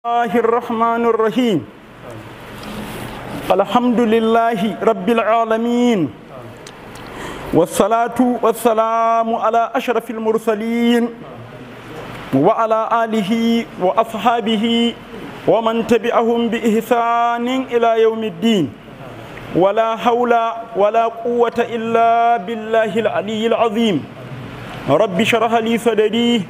الله الرحمن الرحيم الحمد لله رب العالمين والصلاة والسلام على أشرف المرسلين وعلى آله وأصحابه ومن تبعهم بإحسان إلى يوم الدين ولا حول ولا قوة إلا بالله العلي العظيم رب شرح لي صدري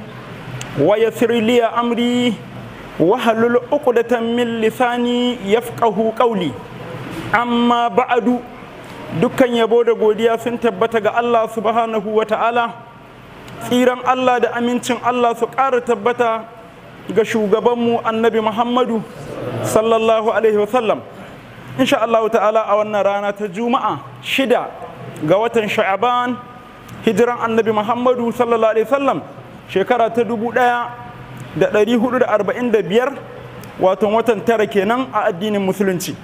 ويسر لي أمري wahalul uqdatan min lisani yafqahu qawli amma ba'adu dukkan yabo da godiya sun tabbata ga Allah subhanahu wa tsiran Allah da amincin Allah su ƙara tabbata ga shugabanmu annabi Muhammadu sallallahu alaihi wasallam insha Allah a wannan rana ta juma'a shida ga watan sha'aban hijiran annabi Muhammadu sallallahu shekara ta dubu ɗaya da ɗari da arba'in 445 wato watan tara kenan a addinin musulunci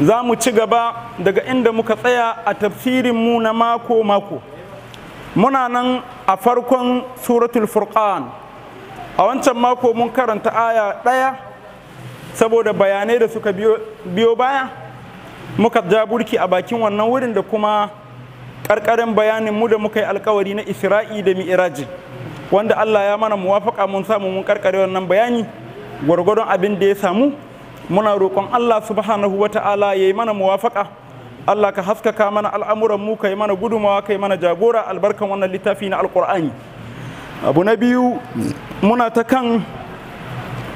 za mu ci gaba daga inda muka tsaya a tafsirin mu na mako-mako muna nan a farkon suratul furqan a wancan mako mun karanta aya ɗaya saboda bayanai da suka biyo baya muka ja burki a bakin wannan wurin da kuma ƙarƙarin mu da muka yi alkawari na isra'i da mi'iraji. wanda Allah ya mana muwafaƙa mun samu mun karkare wannan bayani gwargwadon abin da ya samu muna roƙon Allah subhanahu ya yayi mana muwafaƙa. Allah ka haskaka mana al'amuran mu yi mana gudumawa yi mana jagora albarkan wannan littafi na Alƙur'ani. abu na biyu muna ta kan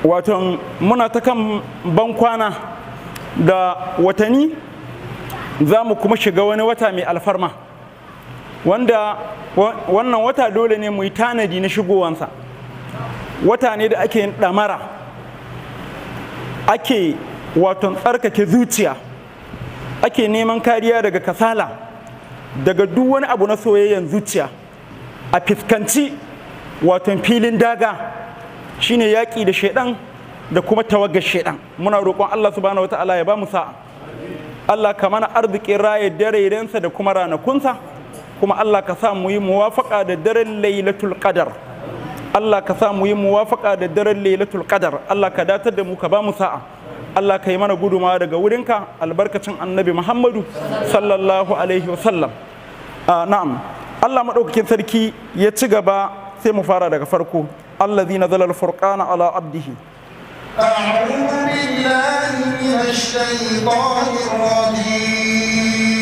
waton muna ta kan bankwana da watanni za mu kuma shiga wani wata mai alfarma wanda wannan wata dole ne mu yi tanadi na shigowansa wata ne da ake yin ɗamara ake waton tsarkake zuciya ake neman kariya daga kasala daga duk wani abu na soyayyen zuciya a fiskanci waton filin daga shine yaƙi da shaidan da kuma tawaggar shaidan muna roƙon Allah subhanahu wata'ala ya ba mu sa'a Allah ka arzikin raye dare da kuma ranakunsa kuma Allah ka sa mu yi muwafaqa da daren lailatul qadar Allah ka sa mu yi muwafaqa da daren lailatul qadar Allah ka datar da mu ka ba mu sa'a Allah ka yi mana guduma daga wurinka albarkacin annabi Muhammadu sallallahu alaihi wa Uh, na'am, Allah madaukakin sarki ya ci gaba sai mu fara daga farko. Allah zina zalar furqana ala abdihi. أعوذ بالله من الشيطان الرجيم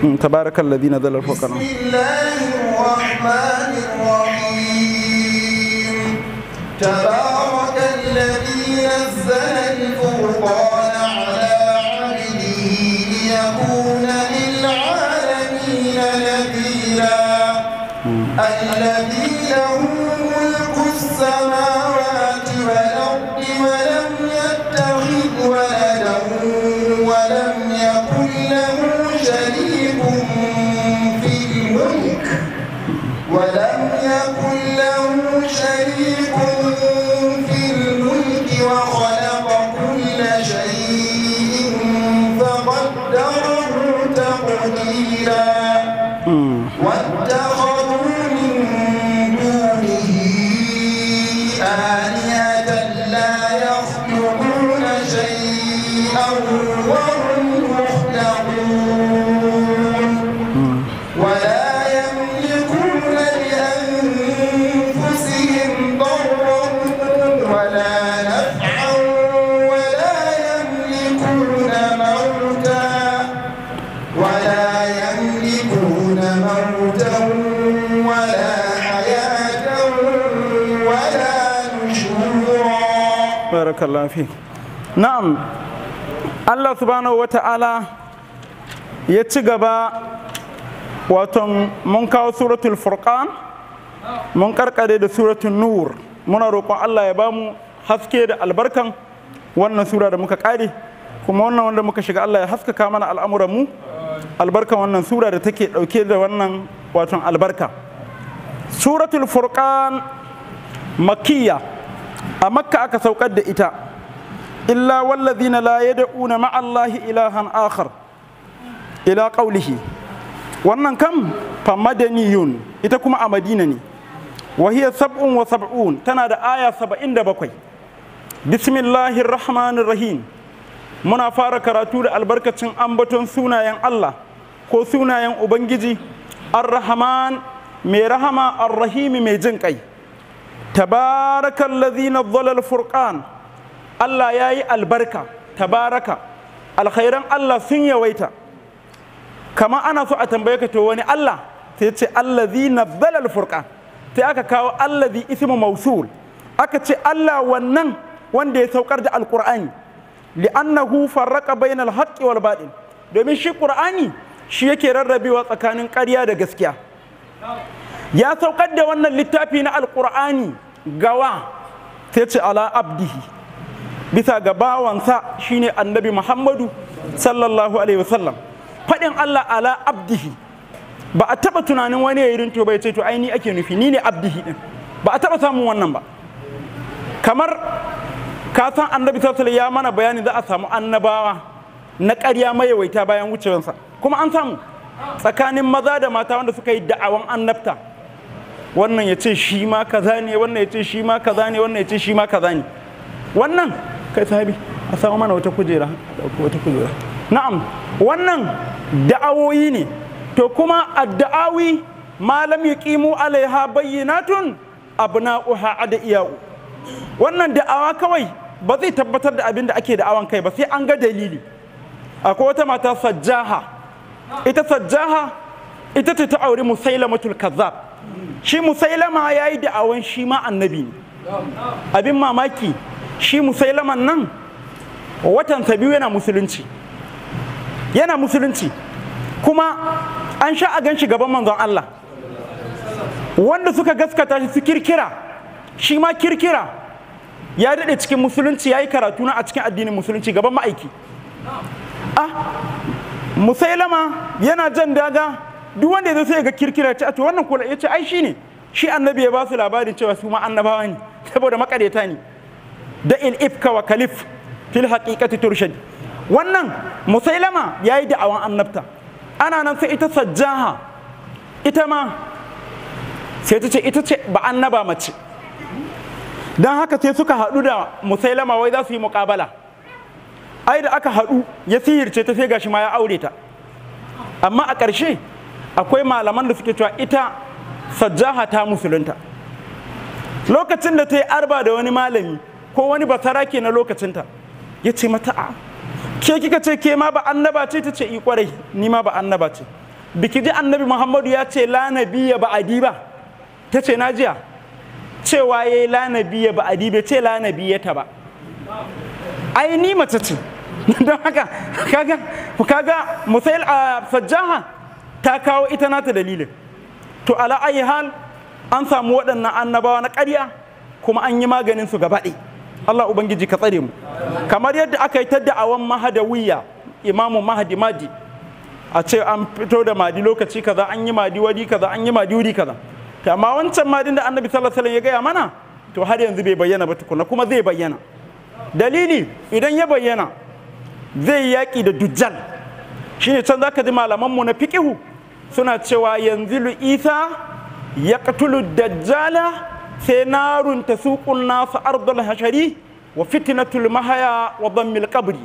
تبارك الذي نزل الفرقان بسم الله الرحمن الرحيم تبارك الذي نزل الفرقان على عبده ليكون للعالمين نذيرا الذي له ملك السماوات freedom. barakallahu fi na'am Allah subhanahu wa ta'ala ya ci gaba waton mun kawo suratul furqan mun karkare da suratul nur muna roƙon Allah ya bamu haske da albarkan wannan sura da muka kare kuma wannan wanda muka shiga Allah ya haskaka mana al'amuran mu albarkan wannan sura da take ɗauke da wannan waton albarka suratul furqan makiyya a makka aka saukar da ita illa laye da una ma'allahi ilahan akhar ila qawlihi wannan kan fa ita kuma a madina ne wa sab'un wa sab'un tana da aya 77 bismillahir rahmanir rahim muna fara karatu da albarkacin ambaton sunayen Allah ko sunayen ubangiji ar-rahman mai rahama ar mai jin kai tabaraka allazi nazzala alfurqan Allah yayi albarka tabaraka alkhairan Allah sun yawaita kama ana so a tambaye ka to wani Allah sai ce allazi zalal alfurqan sai aka kawo allazi ismu mausul aka ce Allah wannan wanda ya saukar da alqur'ani li'annahu farraqa bainal haqqi wal batil domin shi qur'ani shi yake rarrabewa tsakanin ƙarya da gaskiya ya saukar da wannan littafi na alkur'ani gawa sai ce ala abdihi bisa ga bawansa shine annabi muhammadu sallallahu alaihi wasallam faɗin allah ala abdihi ba a taɓa tunanin wani ya rinto bai ce to aini ni ake nufi ni ne abdihi din ba a taɓa samun wannan ba kamar ka san annabi sallallahu ya mana bayani za a samu annabawa na karya mayawaita bayan wucewansa kuma an samu tsakanin maza da mata wanda suka yi da'awan annabta wannan ya ce shi ma kaza ne wannan ya ce shi ma kaza ne wannan ya ce shi ma kaza ne wannan kai sahabi a samu mana wata kujera wata kujera na'am wannan da'awoyi ne to kuma adda'awi ma lam yuqimu alaiha bayyinatun ada iyau wannan da'awa kawai ba zai tabbatar da abin da ake da'awan kai ba sai an ga dalili akwai wata mata sajjaha ita sajjaha ita ta auri musailamatul kazzab shi musailama ya yi da'awan shi ma annabi ne abin mamaki shi musailaman nan watan biyu yana musulunci yana musulunci kuma an sha a gan shi gaban manzon Allah wanda suka gaskata shi su kirkira shi ma kirkira ya daɗe cikin musulunci ya yi karatu na a cikin addinin musulunci gaban ma'aiki ah musailama yana jan daga duk wanda ya sai ga kirkira ce a to wannan kula ya ce ai shine shi annabi ya ba su labarin cewa su ma annabawa ne saboda makareta ne da il ifka wa kalif fil haqiqati turshad wannan musailama yayi awan annabta ana nan sai ita sajjaha ita ma sai ta ce ita ce ba annaba mace dan haka sai suka haɗu da musailama wai za su yi muƙabala ai da aka haɗu ya sihirce ta sai gashi ma ya aure ta amma a ƙarshe akwai malaman da suke cewa ita sajjaha ta musulunta lokacin da ta yi arba da wani malami ko wani basara ke na lokacinta ya ce mata a ke kika ce ke ma ba annaba ce ta ce i eh, kwarai ni ma ba annaba ce biki ji annabi muhammadu ya ce "Lanabi ya ba adi ba ta ce najiya cewa ya yi lanabi ya ba adi ba ce la ta ba ai ni mace ce don haka kaga kaga a sajjaha ta kawo ita nata dalilin to ala ayi hal an samu waɗannan annabawa na ƙarya kuma an yi maganin su gabaɗe Allah ubangiji ka tsare mu kamar yadda aka yi ta da'awan mahadawiya imamu mahadi madi a ce an fito da madi lokaci kaza an yi madi wadi kaza an yi madi wuri kaza amma wancan madin da annabi sallallahu alaihi ya gaya mana to har yanzu bai bayyana ba tukuna kuma zai bayyana dalili idan ya bayyana zai yaƙi da dujjal shine can zaka ji malaman mu na fiqihu suna cewa yanzu isa ya katulu dajjala sai na runta suƙun nasu ardul hashari wa fitina mahaya wa dhammil qabri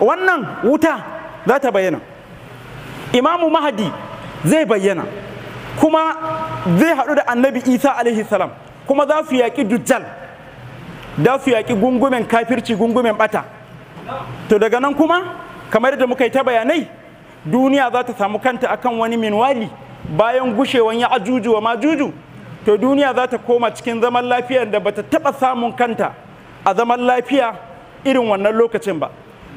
wannan wuta za ta bayyana imamu mahadi zai bayyana kuma zai haɗu da annabi isa alaihi salam kuma za su yaƙi dujjal za su yaƙi gungumen kafirci gungumen ɓata to daga nan kuma kamar da muka yi ta bayanai duniya za ta samu kanta akan wani minwali bayan gushewan ya ajuju wa majuju to duniya za ta koma cikin zaman lafiya da bata taba samun kanta a zaman lafiya irin wannan lokacin ba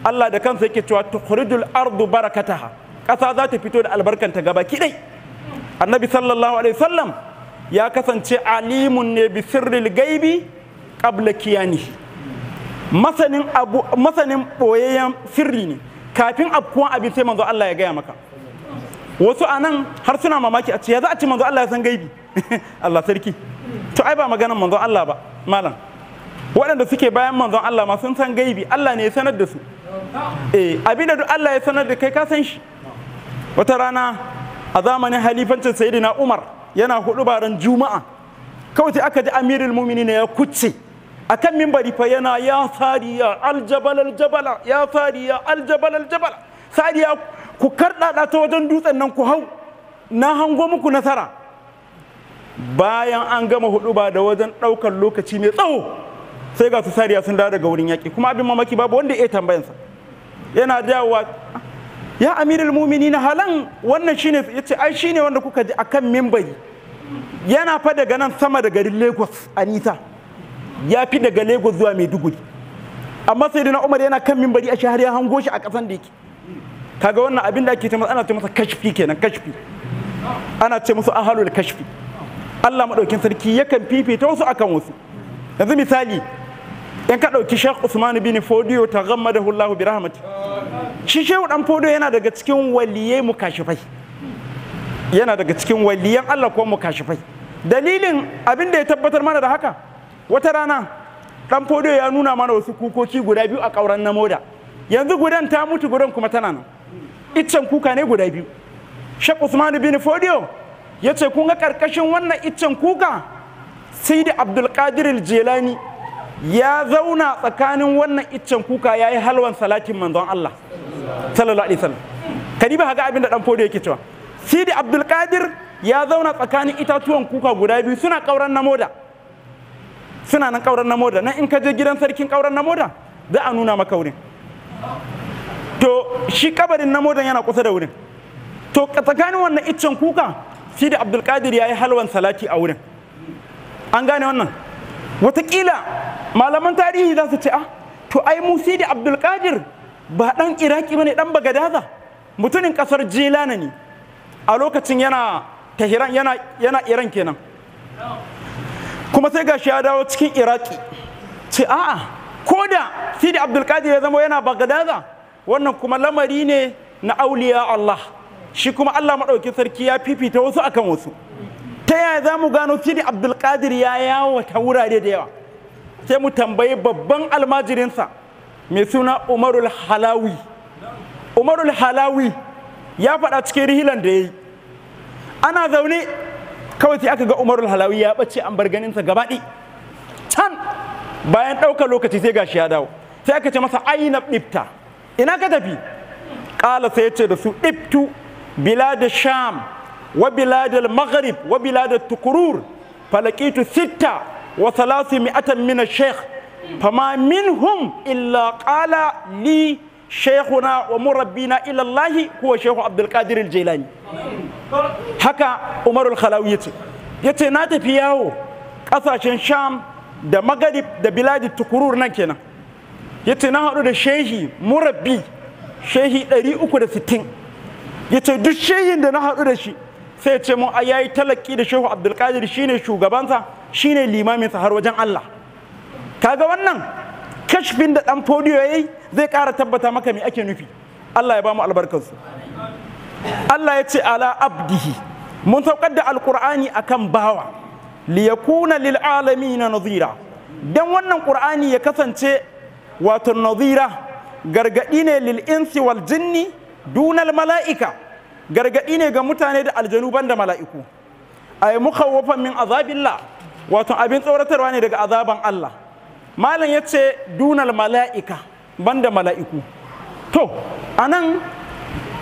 Allah da kansa yake cewa tukhrijul ardu barakataha ƙasa za ta fito da albarkanta gaba kidai annabi sallallahu alaihi wasallam ya kasance alimun ne bi sirril gaibi qabla kiyani masanin abu masanin boyayyen sirri ne kafin afkuwan abin sai manzo Allah ya gaya maka wasu a nan har suna mamaki a ce ya za a ce manzo Allah ya san gaibi Allah sarki to ai ba maganan manzo Allah ba malam waɗanda suke bayan manzon Allah ma sun san gaibi Allah ne ya sanar da su eh abin da Allah ya sanar da kai ka san shi wata rana a zamanin halifancin sayyidina Umar yana hudu baran juma'a kawai aka ji amirul mu'minin ya kucce akan mimbari fa yana ya sadiya aljabal aljabala ya sadiya aljabal aljabala Sariya ku karɗaɗa ta wajen dutsen nan ku hau na hango muku nasara bayan an gama hudu ba da wajen ɗaukar lokaci mai tsawo sai ga su sariya sun dawo daga wurin yaƙi kuma abin mamaki babu wanda ya tambayansa yana dawowa ya amirul na halan wannan shine yace ai shine wanda kuka ji akan mimbari yana fa daga nan sama da garin Lagos Anita ya fi daga lagos zuwa maiduguri amma sai na umar yana kan mimbari a shahar ya hango shi a kasan da yake kaga wannan abin da ake ta ana ce kashfi kenan kashfi ana ce musu ahalul kashfi Allah madaukin sarki yakan fifita wasu akan wasu yanzu misali in ka ɗauki Sheikh Usman bin Fodiyo ta Allah bi rahmati shi Shehu dan Fodiyo yana daga cikin waliyai mukashifai yana daga cikin waliyan Allah ko mukashifai dalilin abin da ya tabbatar mana da haka wata rana dan fodo ya nuna mana wasu kukoki guda biyu a kauran na moda yanzu gudan ta mutu gudan kuma tana nan iccen kuka ne guda biyu shek usman bin fodio ya ce kun ga karkashin wannan iccen kuka sai da abdulkadir jelani ya zauna tsakanin wannan iccen kuka ya yi halwan salatin manzon allah sallallahu alaihi wasallam kadi ba ga abin da dan fodo yake cewa Sidi abdulkadir ya zauna tsakanin itatuwan kuka guda biyu suna ƙauran na moda suna nan ƙauren na moda nan in ka je gidan sarkin ƙauren na moda za a nuna maka wurin to shi kabarin na moda yana kusa da wurin to tsakanin wannan iccen kuka shi da abdulkadir ya yi halwan salati a wurin an gane wannan watakila malaman tarihi za su ce a? Ah, to ai mu shi da abdulkadir ba dan iraki bane dan bagadaza mutumin kasar jilana ne a lokacin yana tahiran yana yana iran kenan kuma sai gashi ya dawo cikin iraki ce a'a ko da sidi abdulkadir ya zama yana bagadaza wannan kuma lamari ne na auliya allah shi kuma allah maɗauki sarki ya fifita wasu akan wasu ta yaya za mu gano sidi abdulkadir ya yawo ta wurare da yawa sai mu tambayi babban almajirinsa mai suna umarul halawi umarul halawi ya faɗa cikin rihilan da ya yi ana zaune kawai sai aka ga umarul halawi ya ɓace an bar ganinsa gabaɗi can bayan ɗaukar lokaci sai gashi ya dawo sai aka ce masa aina ɗifta ina ka tafi ƙala sai ya ce da su ɗiftu da sham wa da maghrib wa da tukurur falakitu sitta wa salasi mi'atan min Famamin, fama minhum illa ƙala li shaykhuna wa murabbina ila Allah huwa shaykhu Abdul Qadir al haka Umar al-Khalawi yace yace na tafi yawo ƙasashen Sham da Maghrib da biladi tukurur nan kenan yace na haɗu da shehi murabbi shehi 360 yace duk shehin da na haɗu da shi sai ce mun ai yayi talaki da shehu Abdul Qadir shine shugabansa shine limaminsa har wajen Allah Ka ga wannan kashfin da dan fodiyo zai ƙara tabbata maka me ake nufi Allah ya ba mu albarkansu. Allah ya ce ala abdihi mun saukar da alkur'ani akan bawa liyakuna lil na nazira dan wannan qur'ani ya kasance wato nazira gargadi ne lil insi wal jinni dunal mala'ika gargadi ne ga mutane da aljanu banda mala'iku ay mukhawwafan min azabillah wato abin tsoratarwa ne daga azaban Allah malam ya ce dunal mala'ika banda mala'iku to anan nan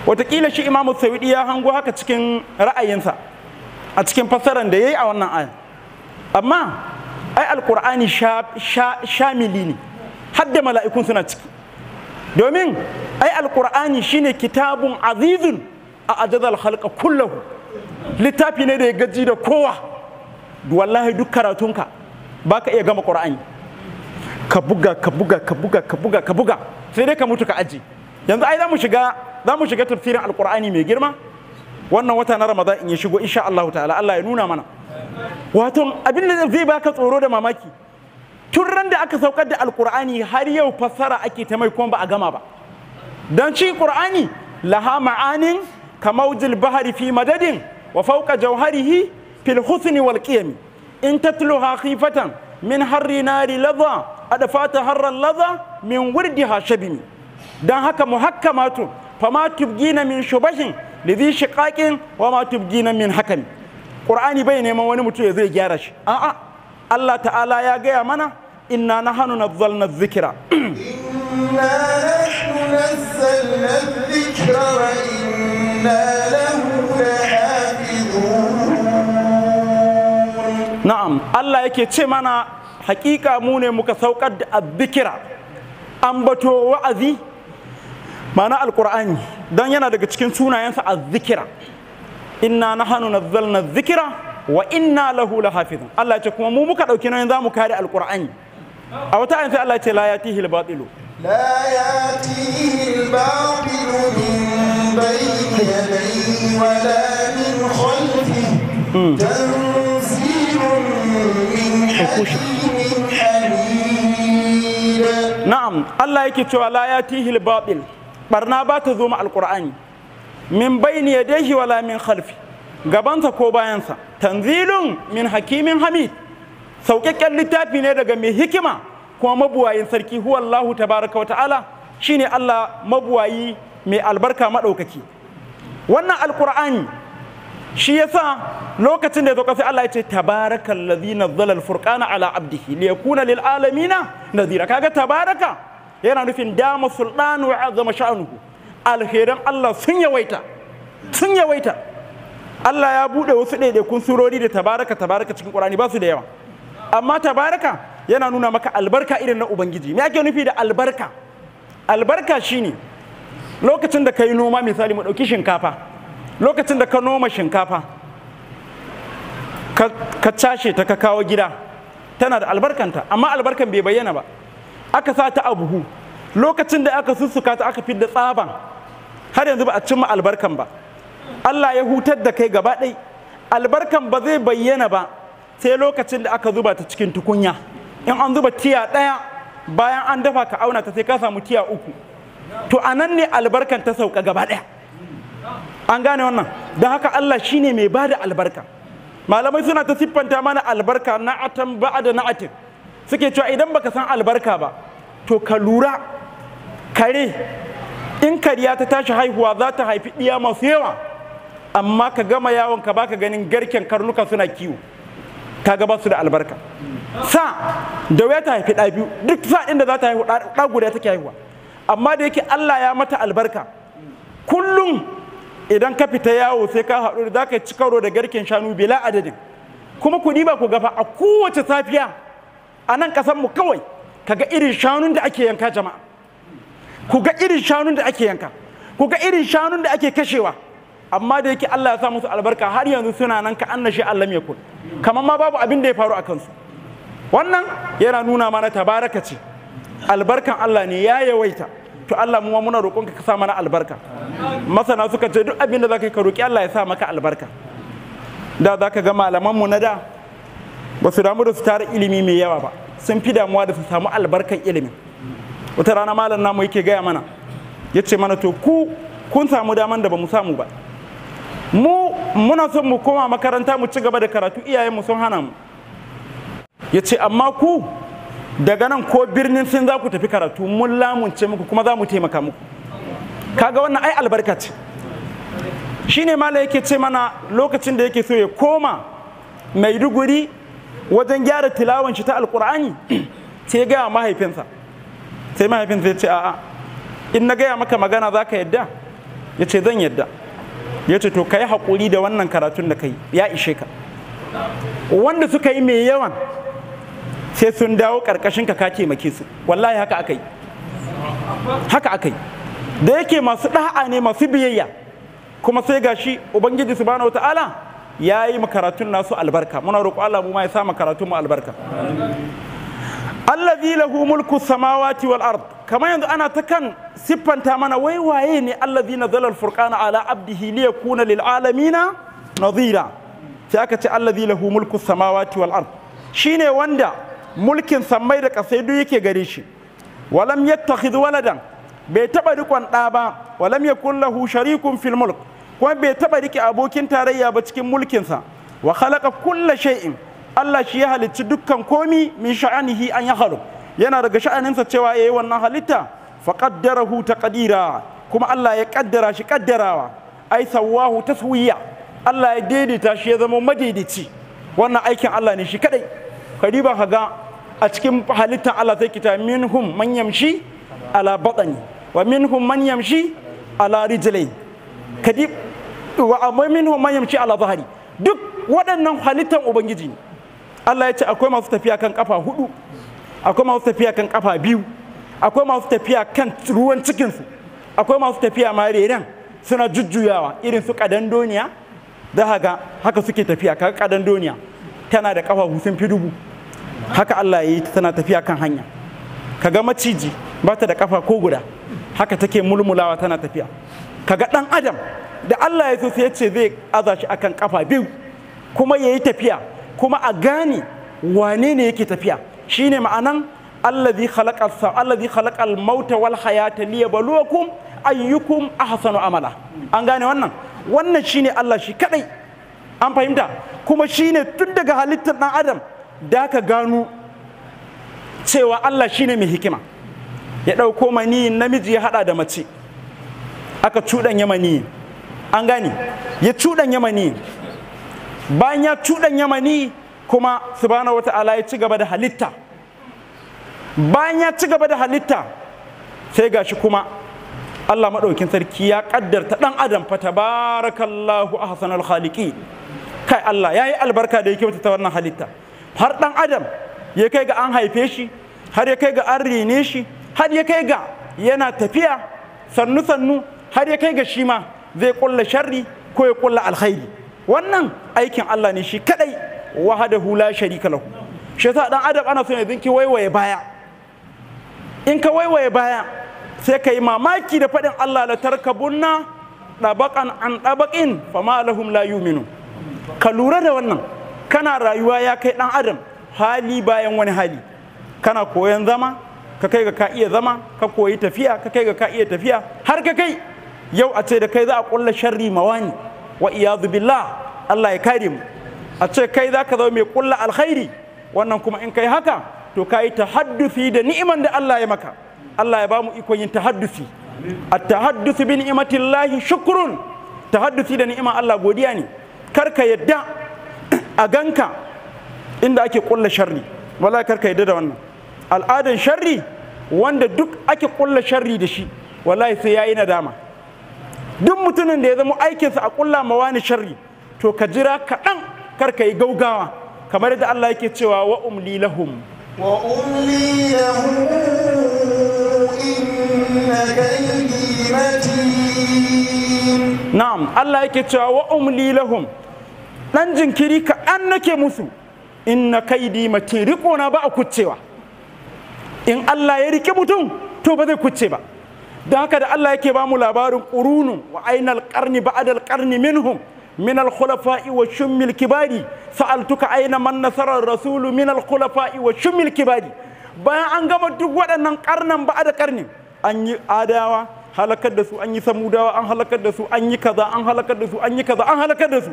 watakila shi imamu sawidi ya hango haka cikin ra'ayinsa a cikin fassarar da ya yi a wannan aya amma ai alkur'ani shamili ne hadda mala'ikun suna ciki domin ai alkur'ani shine kitabun azizun a ajazal halka kullahu littafi ne da ya gaji da kowa wallahi duk karatunka baka iya gama ƙur'ani ka buga ka buga ka buga ka buga ka buga sai dai ka mutu ka aji yanzu ai zamu shiga mu shiga tafsirin alqur'ani mai girma wannan wata na ramadan in ya shigo insha Allah ta'ala Allah ya nuna mana wato abin da zai baka tsoro da mamaki tun ran da aka saukar da alqur'ani har yau fassara ake ta mai kuma ba a gama ba dan shi qur'ani laha ma'anin kamaujil bahari fi madadin wa fawqa jawharihi fil husni wal qiyam in tatluha khifatan min harri nari da adafata harran ladha min wurdiha shabimi dan haka matu, fama tubgina min shubahin lidhi shiqaqin wa ma tubgina min hakami qur'ani bai neman wani mutum ya zai gyara shi a'a Allah ta'ala ya gaya mana inna na nazzalna dhikra inna nahnu nazzalna dhikra wa inna lahu lahafizun na'am Allah yake ce mana hakika mu ne muka saukar da azzikira ambato wa'azi ma'ana alqur'ani dan yana daga cikin sunayensa azzikira inna nahnu nazzalna dhikra wa inna lahu lahafizun Allah ya ce kuma mu muka dauki nan zamu kare alqur'ani a wata ayin sai Allah ya ce la yatihi al-batilu la yatihi al-batilu min bayni yadayhi wa la min khalfihi hmm. na'am Allah yake cewa la yatihil babil barna ba ta zo ma alqur'ani min bayni yadayhi wala min khalfi gabansa ko bayansa tanzilun min hakimin hamid sauƙaƙƙen littafi ne daga mai hikima kuma mabuwayin sarki huwallahu tabaraka wa ta'ala shine Allah mabuwayi mai albarka maɗaukaki wannan alqur'ani shi yasa lokacin da ya zo kasai Allah ya ce tabarakan ladzi nazzala al ala abdihi li yakuna lil alamina kaga tabaraka yana nufin dama sultanu wa azama sha'nuhu alheran Allah sun yawaita sun yawaita Allah ya buɗe wasu kun surori da tabaraka tabaraka cikin Qur'ani ba su da yawa amma tabaraka yana nuna maka albarka irin na ubangiji me ake nufi da albarka albarka shine lokacin da ka yi noma misali mu ɗauki shinkafa lokacin da ka noma shinkafa ka cashe ta ka kawo gida tana da albarkanta amma albarkan bai bayyana ba aka sa ta a buhu lokacin da aka sussuka ta aka da tsaban har yanzu ba a cimma albarkan ba Allah ya hutar da kai gaba ɗai albarkan ba zai bayyana ba sai lokacin da aka zuba ta cikin tukunya in an zuba tiya ɗaya bayan an dafa ka auna ta sai ka samu tiya uku to anan ne albarkan ta sauka gaba ɗaya an gane wannan don haka Allah shi ne mai ba da albarka malamai suna ta siffanta mana albarka na'atan ba da na atin suke cewa idan baka san albarka ba to ka lura kare in kariya ta tashi haihuwa za ta haifi ɗiya masu yawa amma ka gama yawon ka baka ganin garken karnuka suna kiwo ka gaba su da albarka sa da waya ta haifi ɗa biyu duk sa inda za ta haihu ɗa guda take haihuwa amma da yake Allah ya mata albarka kullum idan ka fita yawo sai ka haɗu da ka ci karo da garken shanu bila adadin kuma kuɗi ba ku gafa a kowace safiya a nan ƙasar mu kawai ka ga irin shanun da ake yanka jama'a ku ga irin shanun da ake yanka ku ga irin shanun da ake kashewa amma da yake Allah ya sa musu albarka har yanzu suna nan ka annashi Allah ya kun kamar ma babu abin da ya faru a kansu wannan yana nuna mana tabaraka ce albarkan Allah ne ya yawaita to Allah mu muna roƙon ka sa mana albarka masana suka ce duk abin da zaka ka roƙi Allah ya sa maka albarka da zaka ga malaman mu na da ba su damu da su tara ilimi mai yawa ba sun fi damuwa da su samu albarkan ilimi. wata rana malam namu yake gaya mana ya ce mana to ku kun samu daman da ba mu samu ba mu muna son mu koma makaranta mu ci gaba da karatu iyayen mu sun hana mu ya ce amma ku daga nan ko birnin sun za ku tafi karatu mun lamunce muku kuma za mu taimaka muku kaga wannan ai albarka ce ne mala yake ce mana lokacin da yake so ya koma mai duguri wajen gyara tilawan shi ta alkur'ani sai ya gaya mahaifinsa sai mahaifinsa ya ce a'a in na gaya maka magana za ka yadda ya ce zan yadda ya ce to ka yi haƙuri da wannan karatun da ka yi ya ishe ka wanda suka yi mai yawan sai sun dawo karkashin ka taimake su wallahi haka akai haka akai da yake masu ɗa'a ne masu biyayya kuma sai gashi ubangiji subhanahu wataala ya yi makaratun nasu albarka muna roƙo Allah mu ma ya sa makaratun mu albarka allazi lahu mulku samawati wal ard kamar yanzu ana ta kan siffanta mana wai waye ne allazi nazala al furqana ala abdihi li yakuna lil alamina nadira sai aka ce allazi lahu mulku samawati wal ard shine wanda mulkin sammai da ƙasai duk yake gare shi walam yattakhidh waladan bai taba rikon ɗa ba walam ya lahu sharikun fil mulk kuma bai taba rike abokin tarayya ba cikin mulkinsa wa khalaqa kulla shay'in Allah shi ya halicci dukkan komi min sha'anihi an ya yana daga sha'aninsa cewa yayi wannan halitta fa qaddarahu taqdira kuma Allah ya kaddara shi kaddarawa ai sawahu taswiya Allah ya daidaita shi ya zama madaidaici wannan aikin Allah ne shi kadai kari ba haga a cikin halittar Allah zai kita minhum man yamshi ala batani wa minhum man yamshi ala rijlai kadi wa amma minhum man yamshi ala zahari duk waɗannan halittar ubangiji ne Allah ya ce akwai masu tafiya kan kafa hudu akwai masu tafiya kan kafa biyu akwai masu tafiya kan ruwan cikinsu akwai masu tafiya ma reren suna jujjuyawa irin su kadandoniya da haka haka suke tafiya kaga kadandoniya tana da kafa sun fi dubu haka Allah ya yi tana tafiya kan hanya ka ga maciji ba ta da kafa ko guda haka take mulmulawa tana tafiya kaga ɗan adam da Allah ya so sai ya ce zai aza shi akan kafa biyu kuma ya yi tafiya kuma a gane wane ne yake tafiya shine ma'anan allazi khalaqa allazi khalaqa mauta wal hayata liyabluwakum ayyukum ahsanu amala an gane wannan wannan shine Allah shi kadai an fahimta kuma shine tun daga halittar dan adam da ka gano cewa Allah shine mai hikima ya ɗauko mani namiji ya haɗa da mace aka cuɗanya mani an gani. ya cuɗan mani bayan ya cuɗanya mani kuma subhanahu wata'ala ya ci gaba da halitta bayan ya ci gaba da halitta sai gashi kuma Allah maɗaukin sarki ya ƙaddarta ɗan adam fa tabarakallahu ahsanul khaliqi kai Allah yi albarka da ya ta wannan halitta har ɗan adam ya kai ga an haife shi har ya kai ga an rene shi har ya kai ga yana tafiya sannu sannu har ya kai ga shi ma zai kulla sharri ko ya kulla alkhairi wannan aikin Allah ne shi kadai wahadahu hula shari lahu shi yasa dan adam ana so ne zinki waiwaye baya in ka waiwaye baya sai ka yi mamaki da faɗin Allah la tarkabunna dabaqan an dabaqin fama lahum la yu'minu ka lura da wannan kana rayuwa ya kai ɗan adam hali bayan wani hali kana koyon zama ka kai ga ka iya zama ka koyi tafiya ka kai ga ka iya tafiya har ka kai yau a ce da kai za a kulla sharri mawani wa iyadu billah Allah ya kare mu a ce kai za ka zama mai kulla alkhairi wannan kuma in kai haka to ka yi tahaddufi da ni'iman da Allah ya maka Allah ya ba mu ikon yin tahaddufi at-tahaddufi bi ni'matillahi shukrun tahaddufi da ni'ima Allah godiya ne kar ka yadda a ganka inda ake kulla sharri wala karka yadda da wannan al'adan sharri wanda duk ake kulla sharri da shi wallahi sai yayi nadama duk mutumin da ya zama aikinsa a kulla ma wani sharri to ka jira kaɗan karka yi gaugawa kamar da Allah yake cewa wa umli lahum wa umli lahum inna kaydi matin na'am Allah yake cewa wa umli lahum ɗan jinkiri kaɗan nake musu in na kaidi mace rikona ba a kucewa in Allah ya rike mutum to ba zai kuce ba don haka da Allah yake ba mu labarin ƙurunun wa ainal ƙarni ba'adal ƙarni minhum من الخلفاء sa'altuka الكبار nasarar Rasulu, من نصر الرسول من الخلفاء وشم الكبار bayan an gama duk waɗannan karnan ba da karni an yi adawa halakar da su an yi samudawa an halakar da su an yi kaza an halakar da su an yi kaza an halakar da su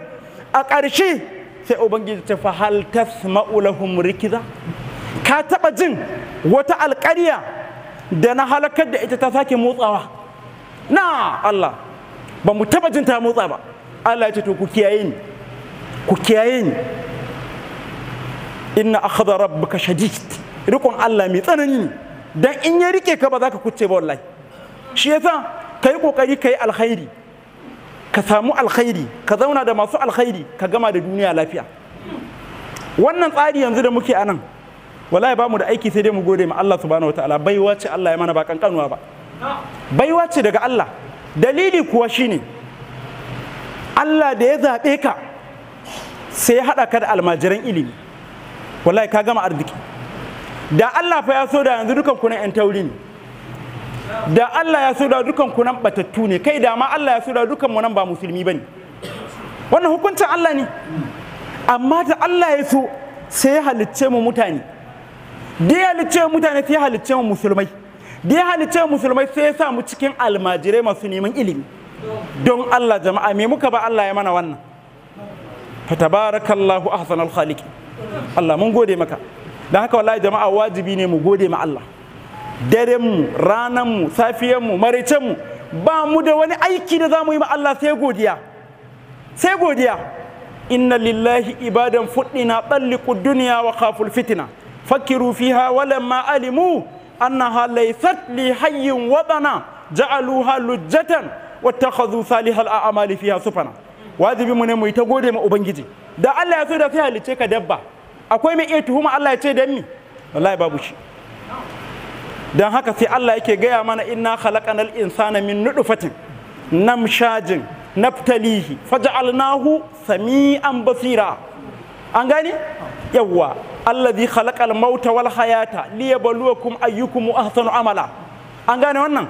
a ƙarshe sai ubangiji ta fa hal tasma'u lahum rikiza ka taba jin wata alƙarya da na halakar da ita ta sake motsawa na Allah ba mu taɓa jin ta motsa ba Allah ya ce to ku kiyaye ni ku kiyaye ni inna akhadha rabbuka shadid rikon Allah mai tsanani dan in ya rike ka ba za ka kuce ba wallahi shi yasa kai kokari kai alkhairi ka samu alkhairi ka zauna da masu alkhairi ka gama da duniya lafiya wannan tsari yanzu da muke anan wallahi ba da aiki sai dai mu gode ma Allah subhanahu wataala baiwa ce Allah ya mana ba kankanuwa ba baiwa ce daga Allah dalili kuwa shine Allah da ya zaɓe ka sai ya haɗa ka da almajiran ilimi wallahi ka gama arziki da Allah fa ya so da yanzu dukan kuna yan tauri ne da Allah ya so da dukan kunan nan batattu ne kai da ma Allah ya so da dukan mu nan ba musulmi bane wannan hukuncin Allah ne amma da Allah ya so sai ya halicce mu mutane da ya halicce mu mutane sai ya halicce mu musulmai da ya halicce mu musulmai sai ya sa mu cikin almajirai masu neman ilimi don Allah jama'a me muka ba Allah ya mana wannan tabarakallahu ahsanul khaliqin Allah mun gode maka dan haka wallahi jama'a wajibi ne mu gode ma Allah darenmu rananmu safiyanmu mu, ba mu da wani aiki da za mu yi ma Allah sai godiya sai godiya inna lillahi ibadan fuddina talliqu dunya wa khaful fitna fakiru fiha walamma alimu annaha laysat li hayyin wadana ja'aluha lujjatan wattakhadhu salihal a'mali fiha sufana wajibi mu ne mu yi ta gode ma ubangiji da Allah ya so da sai halice ka dabba akwai mai iya tuhuma Allah ya ce dan mi wallahi babu shi don haka sai Allah yake gaya mana inna khalaqanal insana min nudfatin namshajin naftalihi faj'alnahu sami'an basira an gane yawa allazi khalaqal mauta wal hayata liyabluwakum ayyukum ahsanu amala an gane wannan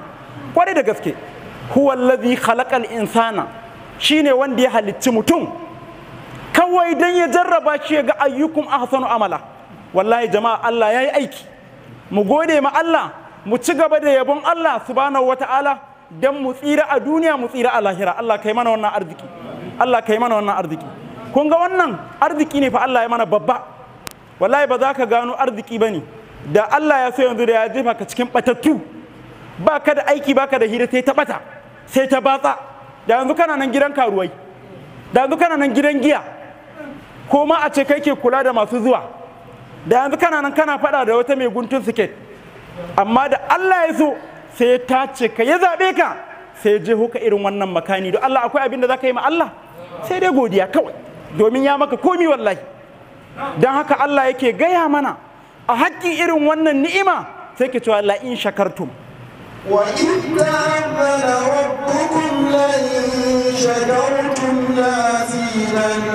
kwarai da gaske huwa allazi khalaqal insana shine wanda ya halicci mutum kawai dan ya jarraba shi ya ga ayyukum ahsanu amala wallahi jama'a Allah yayi aiki mu gode ma Allah mu ci gaba da yabon Allah subhanahu wata'ala don mu tsira a duniya mu tsira a lahira Allah kai mana wannan arziki Allah kai mana wannan arziki kun ga wannan arziki ne fa Allah ya mana babba wallahi ba za ka gano arziki ba ne da Allah ya so yanzu da ya jefa ka cikin batattu ba ka da aiki ba ka da hira sai ta bata sai ta batsa da yanzu kana nan gidan karuwai da yanzu kana nan gidan giya ko ma a ce kai ke kula da masu zuwa da yanzu kana nan kana faɗa da wata mai guntun siket amma da Allah ya so sai ya tace ka ya zaɓe ka sai ya jeho ka irin wannan makani don Allah akwai abin da za ka yi ma Allah sai dai godiya kawai domin ya maka komi wallahi don haka Allah yake gaya mana a hakkin irin wannan ni'ima sai ke cewa la in shakartum وإذ تأذن ربكم لئن شكرتم لأزيدنكم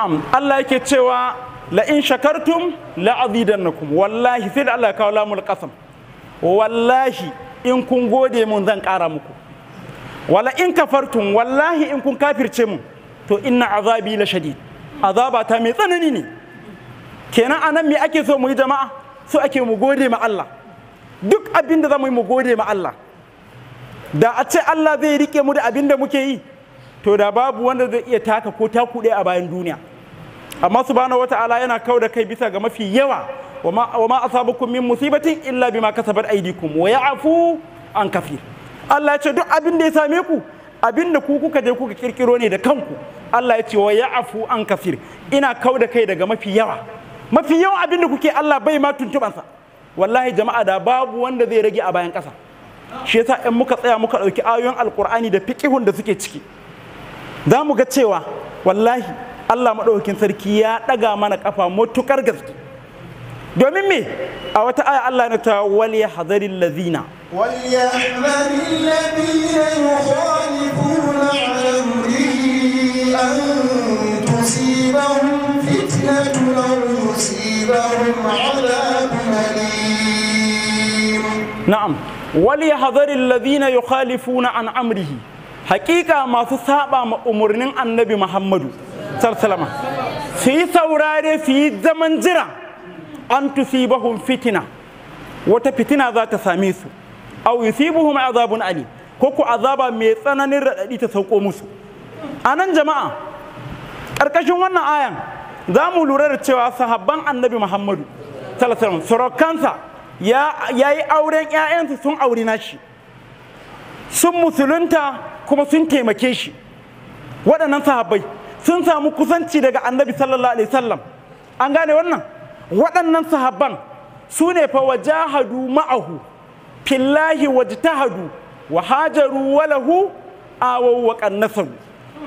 na'am Allah yake cewa la in shakartum la azidannakum wallahi sai da Allah ya kawo lamul qasam wallahi in kun gode mun zan kara muku wala in kafartum wallahi in kun kafirce mu to inna azabi la shadid azaba ta mai tsanani ne kenan anan me ake so mu yi jama'a so ake mu gode ma Allah duk abinda zamu mu yi mu gode ma Allah da a ce Allah zai rike mu da abinda da muke yi to da babu wanda zai iya taka ko taku ɗaya a bayan duniya amma subhanahu wata'ala yana kau da kai bisa ga mafi yawa wa ma asabakum min musibatin illa bima kasabat aydikum wa ya'fu an kafir Allah ya ce duk abin da ya same ku abin da ku kuka je kuka kirkiro ne da kanku Allah ya ce wa ya'fu an kafir ina kau da kai daga mafi yawa mafi yawa abin da kuke Allah bai ma tuntubansa wallahi jama'a da babu wanda zai rage a bayan ƙasa shi yasa in muka tsaya muka ɗauki ayoyin alkur'ani da fiqihun da suke ciki za mu ga cewa wallahi Allah maɗaukin sarki ya ɗaga mana ƙafa matuƙar gaske domin me a wata aya Allah na ta waliya yahdhari lazina wal yahdhari allazina yukhalifuna amrihi an tusibahum fitnatun aw na'am wal yahdhari allazina yukhalifuna an amrihi hakika masu saba ma umarnin annabi Muhammadu salsalama su saurare su zaman jira an tusibahum fitina wata fitina za ta same su aw yusibuhum azabun ali ko ku azaba mai tsananin radadi ta sauko musu a nan jama'a ƙarƙashin wannan ayan za mu lura da cewa sahabban annabi muhammadu salasalam surukansa ya yi auren 'ya'yansu sun auri nashi sun musulunta kuma sun taimake shi waɗannan sahabbai sun samu kusanci daga annabi sallallahu alaihi sallam. an gane wannan waɗannan sahabban su ne fa wajahadu ma'ahu fillahi wajtahadu wa hajaru walahu awau wa qannasu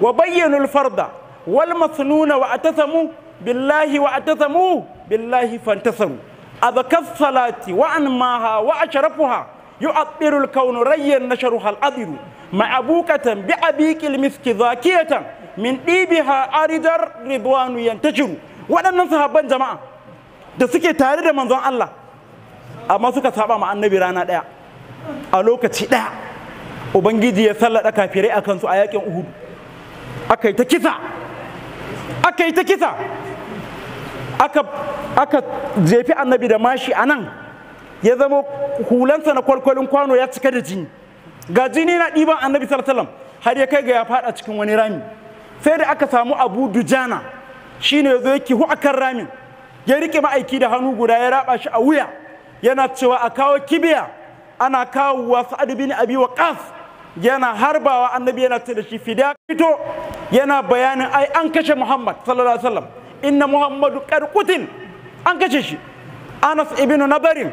wa bayyanu farda wal masnuna wa atasamu billahi wa atasamu billahi fantasaru adhaka salati wa anmaha wa ashrafuha yu'abbiru al-kawnu rayyan nasharuha al-adiru ma'abukatan bi'abiqil miski zakiyatan min ɗibiha aridar ridwanu yantajiru waɗannan sahabban jama'a da suke tare da manzon Allah amma suka saba ma annabi rana ɗaya a lokaci ɗaya ubangiji ya sallada kafirai a kansu a yakin uhudu aka yi ta kisa aka yi ta kisa aka aka jefi annabi da mashi a nan ya zama hulansa na kwalkwalin kwano ya cika da jini ga jini na ɗiban annabi sallallahu har ya kai ga ya faɗa cikin wani rami sai da aka samu abu dujana shine zo ya a kan ramin ya rike ma'aiki da hannu guda ya raba shi a wuya yana cewa a kawo kibiya ana kawowa wasu bin abi ƙas. yana harbawa annabi yana ce da shi fida fito yana bayanin ai an kashe muhammad sallallahu alaihi wasallam inna muhammadu qad an kashe shi anas ibnu nabarin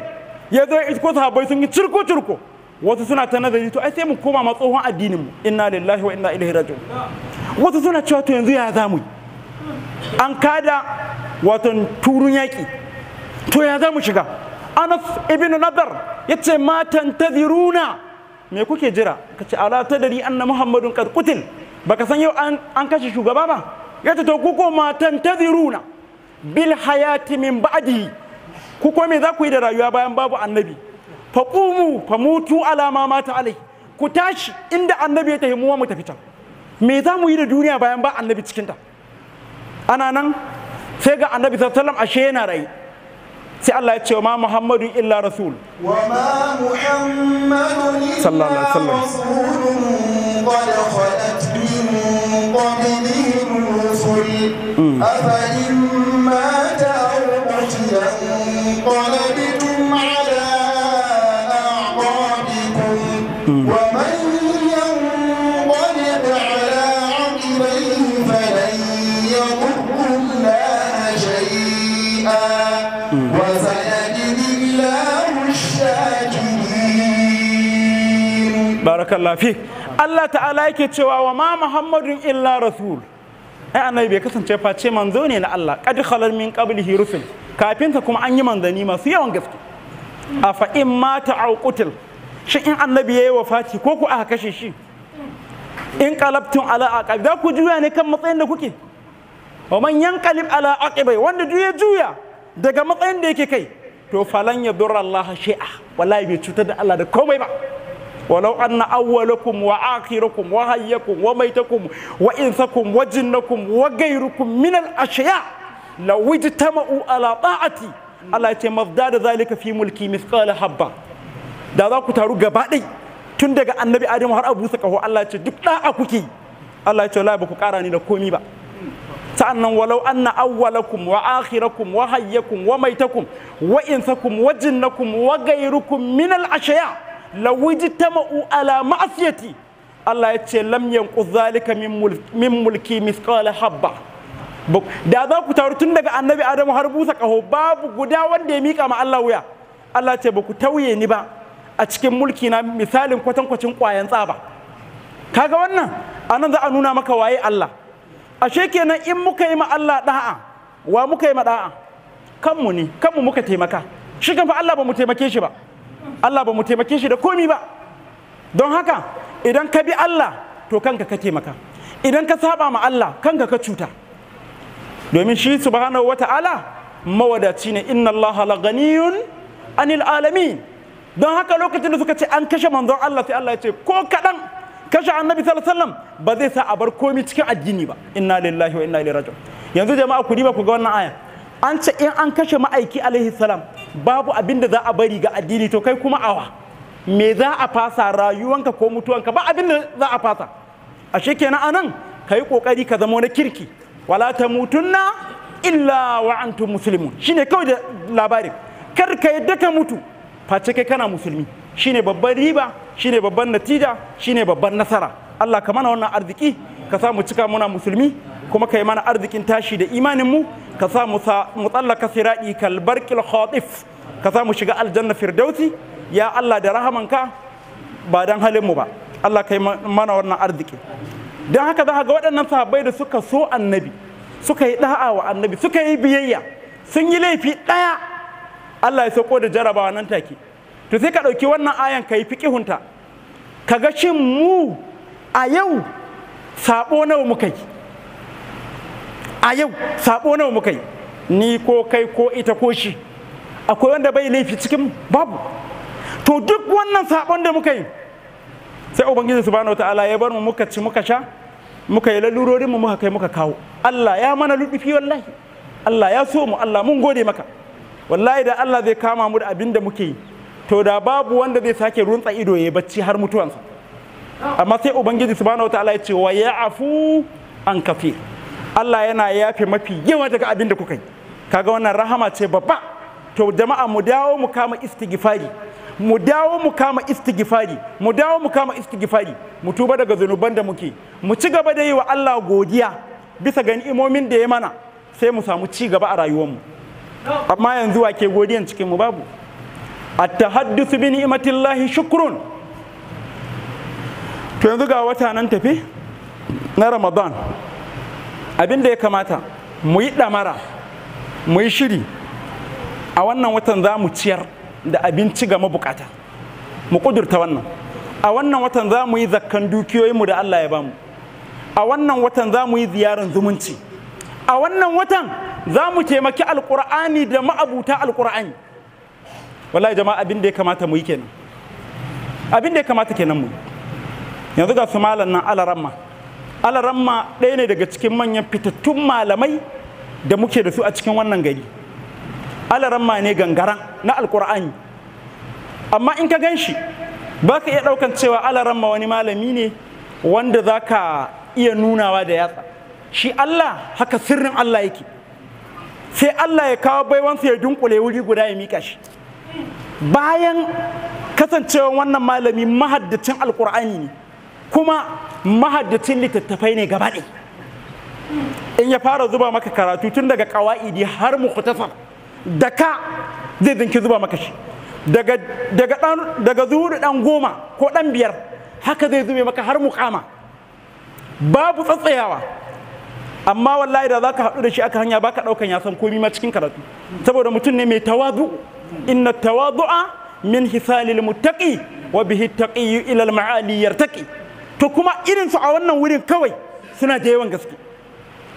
ya zo ya isko sahabbai sun yi cirko cirko wasu suna ta nazari to ai sai mu koma ma tsohon addinin mu inna lillahi wa inna ilaihi raji'un wasu suna cewa to yanzu ya za an kada wato turun yaki to ya za mu shiga anas ibn nadar yace ma tantaziruna me kuke jira kace ala tadari anna muhammadun qad qutil baka san yau an kashe shugaba ba yace to kuko ma tantaziruna bil hayati min ba'di kuko me za ku yi da rayuwa bayan babu annabi faqumu fa ala ma mata alai ku tashi inda annabi ya tafi muwa mu tafi can me za mu yi da duniya bayan ba annabi cikin ta ana nan sai ga annabi sallallahu alaihi ashe yana rai sai Allah ya ce ma Muhammadu illa rasul wa ma Muhammadu sallallahu alaihi wasallam qad khalat min qablihi rusul mm. barakallahu fi Allah ta'ala yake cewa wa ma muhammadun illa rasul ai annabi bai kasance face manzo ne na Allah qad khalal min qablihi rusul kafin kuma an yi manzani masu yawan gaske afa in mata aw qutil shi in annabi yayi wafati ko ku aka kashe shi in qalabtum ala aqab da ku juya ne kan matsayin da kuke wa man yanqalib ala aqibai wanda juya juya daga matsayin da yake kai to falan yadurra Allah shay'a wallahi bai cutar da Allah da komai ba walau anna awwalakum wa akhirakum wa hayyakum wa maitakum wa insakum wa jinnakum wa gairukum min al ashya law ijtama'u ala ta'ati Allah ce da zalika fi mulki mithqala habba da za ku taru gaba ɗai tun daga annabi adamu har abu kaho Allah ya ce duk da'a kuke Allah ya ce la ba ku kara ni da komi ba sa'annan walau anna awwalakum wa akhirakum wa hayyakum wa maitakum wa insakum wa jinnakum wa gairukum min al ashya lawajtama'u ala ma'asiyati Allah ya ce lam yanqu zalika min mulki mithqala habba da za ku taru tun daga annabi adamu har busa kaho babu guda wanda ya mika ma Allah wuya Allah ce ba ku tauye ni ba a cikin mulki na misalin kwacin kwayan tsaba kaga wannan anan za a nuna maka waye Allah ashe kenan in muka yi ma Allah da'a wa muka yi ma da'a kanmu ne kanmu muka taimaka shi kan fa Allah ba mu taimake shi ba Allah ba mu taimake shi da komi ba don haka idan ka bi Allah to kanka ka taimaka idan ka saba ma Allah kanka ka cuta domin shi subhanahu wata'ala mawadaci ne inna Allah la ganiyun anil alami don haka lokacin da suka ce an kashe manzon Allah sai Allah ya ce ko kaɗan kashe annabi sallallahu alaihi wasallam ba zai sa a bar komi cikin addini ba inna lillahi wa inna ilaihi raji'un yanzu jama'a ku diba ku ga wannan aya an ce in an kashe ma'aiki alaihi salam babu abin da za a bari ga addini to kai kuma awa me za a fasa rayuwanka ko mutuwanka ba abin da za a fasa ashe kenan anan ka yi kokari ka zama na kirki wala ta mutunna illa wa antum muslimun shine kawai da labarin kar ka yadda ka mutu face kai kana musulmi shine babban riba shine babban natija shine babban nasara Allah ka mana wannan arziki ka sa mu cika muna musulmi kuma ka yi mana arzikin tashi da imanin mu ka sa mu tsallaka siraɗi kalbarkil khatif ka sa mu shiga aljanna firdausi ya Allah da rahamanka ba dan halin mu ba Allah kai mana wannan arziki don haka za ga waɗannan sahabbai da suka so annabi suka yi da'a wa annabi suka yi biyayya sun yi laifi ɗaya Allah ya sauko da jarabawa nan take to sai ka ɗauki wannan ayan ka yi fiƙihunta ka ga shin mu a yau saɓo nawa muka yi a yau sabo nawa muka yi ni ko kai ko ita ko shi akwai wanda bai laifi cikin babu to duk wannan sabon da muka yi sai ubangiji subhanahu ta'ala ya bar mu muka ci muka sha muka yi lalurorin mu muka kai muka kawo Allah ya mana ludufi wallahi Allah ya so mu Allah mun gode maka wallahi da Allah zai kama mu da abin da muke yi to da babu wanda zai sake runtsa ido ya bacci har mutuwansa amma sai ubangiji subhanahu ta'ala ya ce wa ya'fu an kafir Allah yana yafe mafi yawa daga abin da kuka yi kaga wannan rahama ce babba to jama'a mu dawo mu kama istighfari mu dawo mu kama istighfari mu dawo mu kama istighfari mu tuba daga zunuban da muke mu ci gaba da yi wa Allah godiya bisa ga ni'imomin da ya mana sai mu samu ci gaba a rayuwarmu amma yanzu wa ke godiyan cikin mu babu at-tahadduth bi ni'matillahi shukrun to yanzu ga wata nan tafi na Ramadan abin da ya kamata mu yi ɗamara mu yi shiri a wannan watan za mu ciyar da abinci ga mabukata mu ƙudurta wannan a wannan watan za mu yi zakkan dukiyoyinmu da Allah ya bamu a wannan watan za mu yi ziyarar zumunci a wannan watan za mu taimaki alƙur'ani da ma'abuta alƙur'ani wallahi jama'a abin da ya kamata mu yi kenan abin da ya kamata kenan mu yanzu ga su malam nan alaramma alaramma ɗaya ne daga cikin manyan fitattun malamai da muke da su a cikin wannan gari alaramma ne gangaran na alkur'ani amma in ka gan shi ba ka iya ɗaukan cewa alaramma wani malami ne wanda za ka iya nunawa da yatsa shi Allah haka sirrin Allah yake sai Allah ya kawo baiwansa ya dunkule wuri guda ya mika shi bayan kasancewa wannan malami mahaddacin alkur'ani ne kuma mahaddacin littattafai ne gaba in ya fara zuba maka karatu tun daga kawa'idi har mukhtasar da ka zai zinki zuba maka shi daga daga dan goma ko dan biyar haka zai zube maka har mu kama babu tsatsayawa amma wallahi da zaka haɗu da shi aka hanya baka ɗaukan ya san komai ma cikin karatu saboda mutum ne mai tawazu inna tawadu'a min hisalil muttaqi wa bihi taƙi ila al ma'ali yartaqi to kuma irinsu a wannan wurin kawai suna da yawan gaske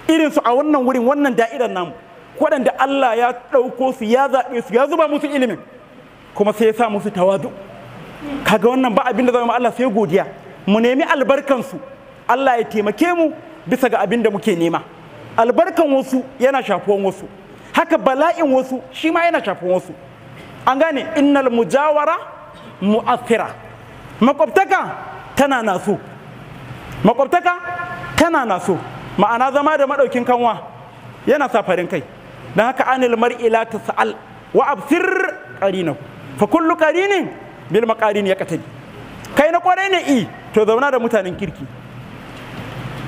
irinsu a wannan wurin wannan da'irar namu waɗanda Allah ya ɗauko su ya zaɓe su ya zuba musu ilimin kuma sai ya sa musu tawadu kaga wannan ba abin da zama Allah sai godiya mu nemi albarkansu Allah ya taimake mu bisa ga abin da muke nema albarkan wasu yana shafuwan wasu haka bala'in wasu shi ma yana shafuwan wasu an gane innal mujawara mu'athira makwabtaka tana naso makwabtaka tana na so ma'ana zama da maɗaukin kanwa yana sa farin kai don haka anil mar'i la tas'al wa absir qarinahu fa kullu qarinin bil maqarin katabi kai na kwarai ne i to zauna da mutanen kirki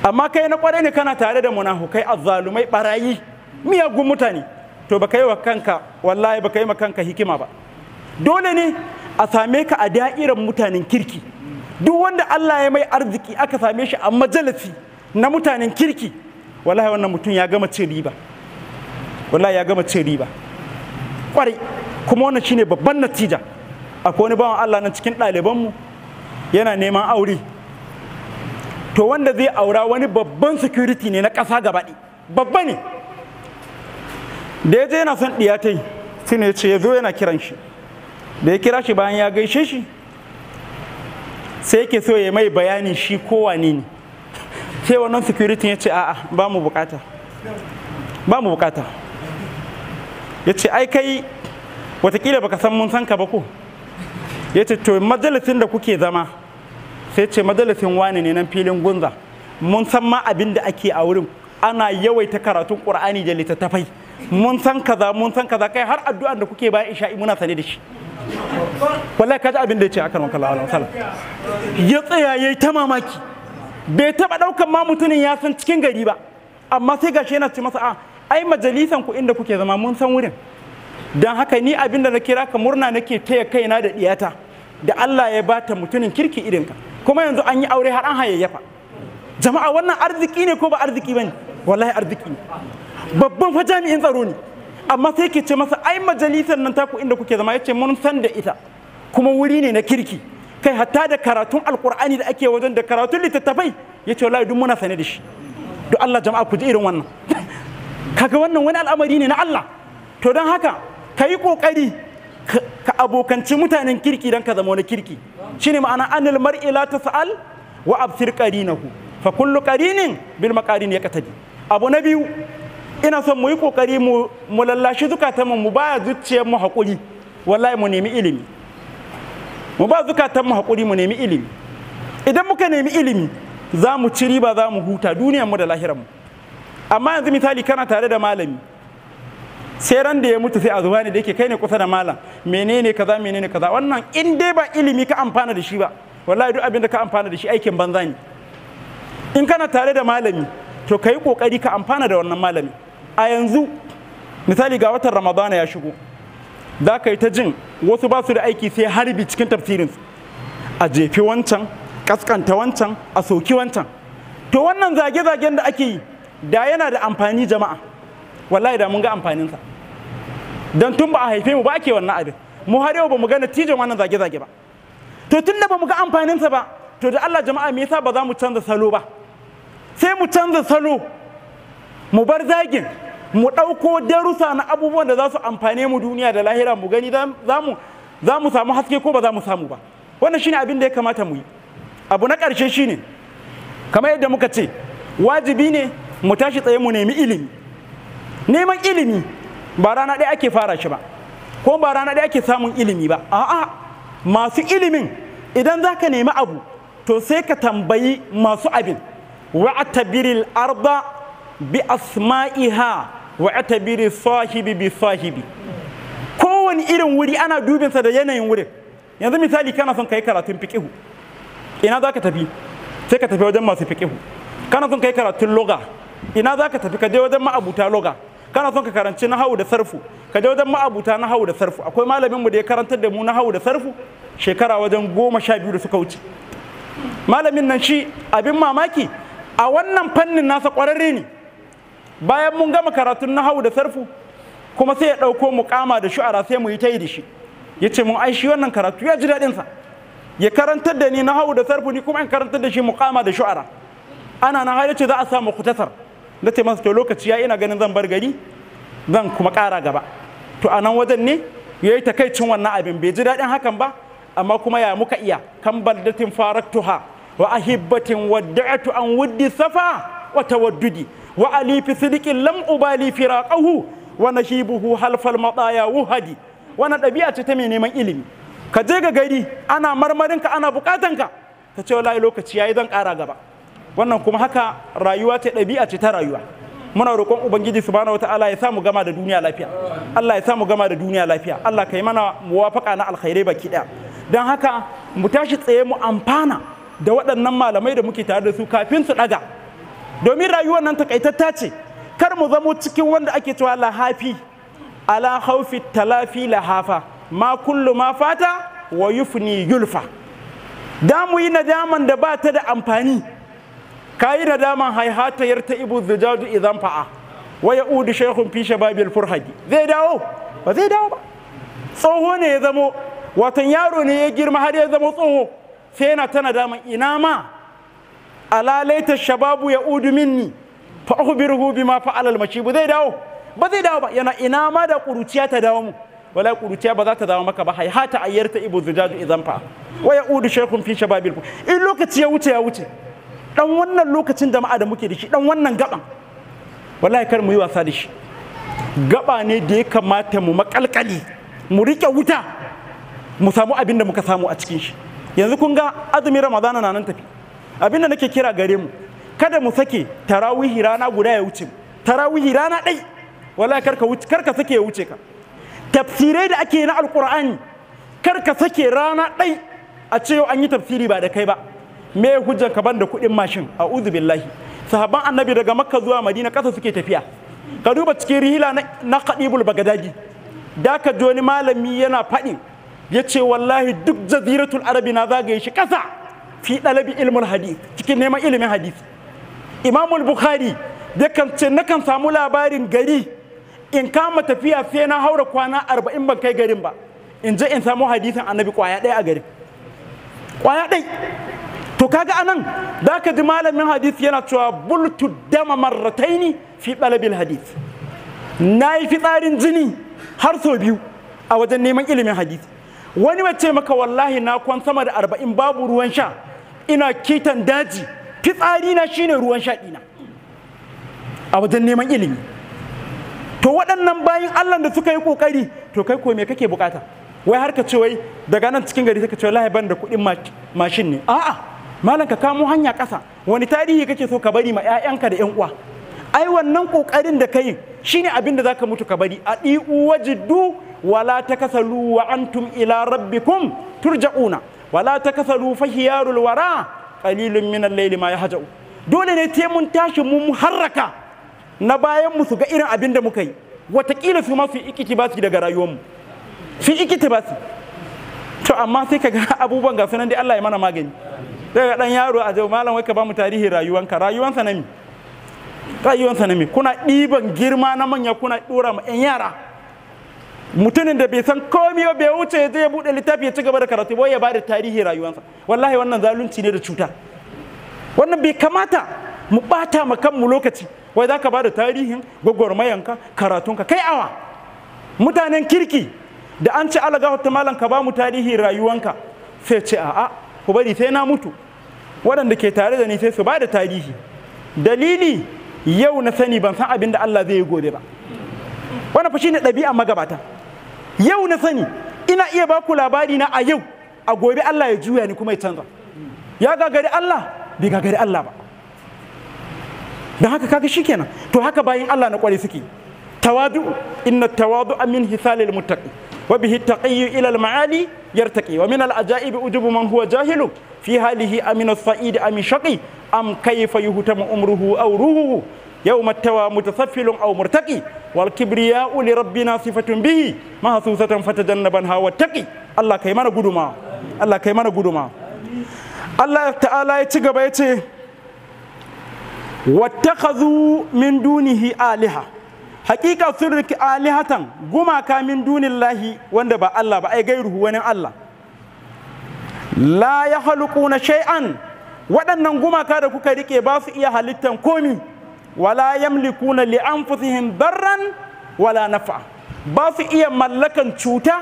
amma kai na kwarai ne kana tare da munafukai azzalumai barayi miyagun mutane to baka yi wa kanka wallahi baka yi wa kanka hikima ba dole ne a same ka a da'irar mutanen kirki duk wanda Allah ya mai arziki aka same shi a majalasi na mutanen kirki wallahi wannan mutum ya gama cin riba wallahi ya gama cin riba kwarai kuma wannan shine babban natija akwai wani bawan Allah nan cikin ɗalibanmu yana neman aure to wanda zai aura wani babban security ne na ƙasa gabaɗi babba ne da ya je yana son ɗiyatai sai ya ce ya zo yana kiran shi da ya kira shi bayan ya gaishe shi sai yake so ya mai bayani shi kowa ne ne, sai wannan security ya ce a'a ba mu bukata ba mu bukata ya ce ai kai watakila baka san mun san ka ba ko ya ce to majalisin da kuke zama sai ce majalisin wani ne nan filin gunza mun san ma abin da ake a wurin ana yawaita karatun qur'ani da littattafai mun san kaza mun san kaza kai har addu'an da kuke bayan isha'i muna sane da shi wallahi kaji abin da ya ce akan wanka la'ala sala ya tsaya ya yi ta mamaki bai taɓa ɗaukan ma mutumin ya san cikin gari ba amma sai gashi yana ce masa a ah, ai majalisan ku inda kuke zama mun san wurin don haka ni abin da na kira ka murna nake taya kaina da diyata da Allah ya bata mutumin kirki irin ka kuma yanzu an yi aure har an hayayyafa jama'a wannan arziki ne ko ba arziki bane wallahi arziki ne babban fa jami'in tsaro ne amma sai ke ce masa ai majalisar nan taku inda kuke zama yace mun san da ita kuma wuri ne na kirki kai hatta da karatun alkur'ani da ake wajen da karatun littattafai yace wallahi duk muna sane da shi duk Allah jama'a ku ji irin wannan kaga wannan wani al'amari ne na Allah to don haka ka yi kokari ka abokanci mutanen kirki don ka zama wani kirki shine ma'ana anil mar'i la tas'al wa absir qarinahu fa kullu qarinin bil maqarin yakatabi abu na biyu ina son mu yi kokari mu mu lallashi zukatanmu mu ba zuciya mu hakuri wallahi mu nemi ilimi mu ba zukatanmu hakuri mu nemi ilimi idan muka nemi ilimi za mu ci riba za mu huta duniyar mu da lahirar mu amma yanzu misali kana tare da malami sai ran da ya mutu sai a zuwa ne da yake kai ne kusa da malam menene kaza menene kaza wannan in dai ba ilimi ka amfana da shi ba wallahi duk abin da ka amfana da shi aikin banza ne in kana tare da malami to ka yi kokari ka amfana da wannan malami a yanzu misali ga watan ramadana ya shigo za ka yi ta jin wasu ba su da aiki sai harbi cikin tafsirinsu a jefi wancan kaskanta wancan a soki wancan to wannan zage-zagen da ake yi da yana da amfani jama'a wallahi da mun ga amfaninsa don tun ba a haife mu ba ake wannan abin mu har yau ba mu ga natijan wannan zage-zage ba to tun da ba mu ga amfaninsa ba to da Allah jama'a me yasa ba za mu canza salo ba sai mu canza salo mu bar zagin mu ɗauko darussa na abubuwan da za su amfane mu duniya da lahira mu gani za mu samu haske ko ba za mu samu ba wannan shine abin da ya kamata mu yi abu na ƙarshe shine kamar yadda muka ce wajibi ne mu tashi tsaye mu nemi ilimi neman ilimi ba rana ɗaya ake fara shi ba ko ba rana ɗaya ake samun ilimi ba a'a masu ilimin idan za ka nemi abu to sai ka tambayi masu abin wa'atabiril arba arda bi asma'iha wa atabiri sahibi bi sahibi kowane irin wuri ana dubinsa da yanayin wurin yanzu misali kana son kai karatun fiqihu ina za ka tafi sai ka tafi wajen masu fiqihu kana son kai karatun loga ina za ka tafi ka je wajen ma'abuta loga kana son ka karanci nahawu da sarfu ka je wajen ma'abuta nahawu da sarfu akwai malamin mu da ya karantar da mu nahawu da sarfu shekara wajen goma sha biyu da suka wuce malamin nan shi abin mamaki a wannan fannin nasa kwararre ne bayan mun gama karatun nahawu da sarfu kuma sai ya ɗauko mukama da shu'ara sai mu yi ta yi da shi ya ce mun aishi wannan karatu ya ji daɗinsa ya karantar da ni nahawu da sarfu ni kuma in karantar da shi mukama da shu'ara ana na har ce za a samu kutasar na ce masa to lokaci ya ina ganin zan bar gari zan kuma ƙara gaba to a nan wajen ne ya yi takaicin wannan abin bai ji daɗin hakan ba amma kuma ya muka iya kan baldatin faraktuha wa ahibbatin wadda'atu an wuddi safa وتوددي وعلي في صدق لم أبالي فراقه ونشيبه حلف المطايا وهدي وانا ɗabi'a ce ta mai neman ilimi ka je ga gari ana ka ana bukatanka ka ce wallahi lokaci yayi zan ƙara gaba wannan kuma haka rayuwa ce ɗabi'a ce ta rayuwa muna roƙon ubangiji subhanahu wataala ya samu gama da duniya lafiya Allah ya samu gama da duniya lafiya Allah kai mana muwafaqa na alkhairai baki ɗaya Dan haka mu tashi tsaye mu amfana da waɗannan malamai da muke tare da su kafin su ɗaga domin rayuwar nan takaitatta ce kar mu zamo cikin wanda ake cewa lahafi ala haufi talafi lahafa ma kullu ma fata wa yufni yulfa da mu yi nadaman da ba ta da amfani ka yi nadaman haihata yarta ta ibu zujaju idan fa'a wa Udu, shaykhun fi shababil furhadi zai dawo ba zai dawo ba tsoho ne ya zamo watan yaro ne ya girma har ya zamo tsoho sai yana ta nadaman ina ma ala laita shababu ya udu minni fa ma bima fa'ala al-mashib zai dawo ba zai dawo ba yana ina ma da kuruciya ta dawo mu wala kuruciya ba za ta dawo maka ba hay hata ayyarta ibu zujaju idan fa wa ya udu shaykhun fi shababil in lokaci ya wuce ya wuce dan wannan lokacin jama'a da muke da shi dan wannan gaban wallahi kar mu yi wasa da shi gaba ne da ya kamata mu makalkali mu rike wuta mu samu abin da muka samu a cikin shi yanzu kun ga azumin ramadana na nan tafi abin da nake kira gare mu kada mu sake tarawihi rana guda ya wuce tarawihi rana ɗai wallahi karka wuce karka sake ya wuce ka tafsirai da ake na alqur'ani karka sake rana ɗai a ce an yi tafsiri ba da kai ba me hujja ka ban da kuɗin mashin a'udhu billahi sahabban annabi daga makka zuwa madina ƙasa suke tafiya ka duba cikin rihila na kadibul bagadagi da ka ji malami yana faɗi ya ce wallahi duk jaziratul arabi na zagaye shi ƙasa fi dalabi ilmin hadith cikin neman ilimin hadith imamul bukhari kan ce kan samu labarin gari in kama tafiya sai na haura kwana arba'in ban kai garin ba in je in samu hadisin annabi kwaya ɗaya a garin kwaya ɗai to kaga anan da ka ji malamin hadisi yana cewa bultu dama marrataini fi dalabil hadisi na yi fitsarin jini har sau biyu a wajen neman ilimin hadisi wani wace maka wallahi na kwan sama da arba'in babu ruwan sha ina kitan daji fitsari na shine ruwan shaɗina. a wajen neman ilimi to waɗannan bayan Allah da suka yi kokari to kai ko me kake bukata wai har ka ce wai daga nan cikin gari ka ce wallahi ban da kuɗin mashin ne a'a malam ka kamo hanya ƙasa wani tarihi kake so ka bari ma 'ya'yanka da 'yan uwa ai wannan kokarin da kai shine abin da zaka mutu ka bari A di'u wajiddu wala takasalu wa antum ila rabbikum turja'una wala rufa hiyarul wara qalilun minan laili ma ya yahja'u dole ne te mun tashi mun harraka na bayan mu su ga irin abin da muka yi watakila su ma su ikiti ba su daga mu su ikiti ba su to amma sai ka ga abubuwan ga sunan dai Allah ya mana magani daga dan yaro a jau malam wai ka ba mu tarihi rayuwanka rayuwansa na mi rayuwansa na mi kuna ɗiban girma na manya kuna ɗora ma 'yan yara mutumin da bai san komai ba bai wuce ya je ya bude littafi ya ci gaba da karatu ba ya bada tarihi rayuwarsa wallahi wannan zalunci ne da cuta wannan bai kamata mu bata ma kanmu lokaci wai zaka bada tarihin gwagwarmayanka karatunka kai awa mutanen kirki da an ci alaga ta malam ka ba mu tarihi rayuwanka sai ce a'a ku bari sai na mutu waɗanda ke tare da ni sai su ba da tarihi dalili yau na sani ban san abin da Allah zai yi gobe ba wannan fa shine ɗabi'a magabata yau na sani ina iya ba ku labari na a yau a gobe Allah ya juya ni kuma ya canza ya gagari Allah bai gagari Allah ba Da haka kaga kenan, to haka bayan Allah na kware suke tawadu inna tawadu min hisalil muttaqi wa bihi taqiyyu ila al ma'ali yartaqi wa min al ajaib ujubu man huwa jahilu fi halihi amina sa'id amin shaqi am kayfa yuhtamu umruhu aw ruhuhu yawma tawa mutasaffilun aw murtaqi Walakibiri ya ule rabbi nasifatun bihi, mahasisatan fa ta jannaban hawa, watakki? Allah Ka mana guduma. Allah Ta'ala ya ci gaba ya ce. Watakka zu min dunihi Aliha, hakika sirri aliha kan gumaka min dunillahi wanda ba Allah ba, a yi gairu wani Allah. La ya haluƙuna sha'an, waɗannan gumaka da kuka riƙe ba su iya halittan komi. wala yamlikuna li anfusihim darran wala nafa ba su iya mallakan cuta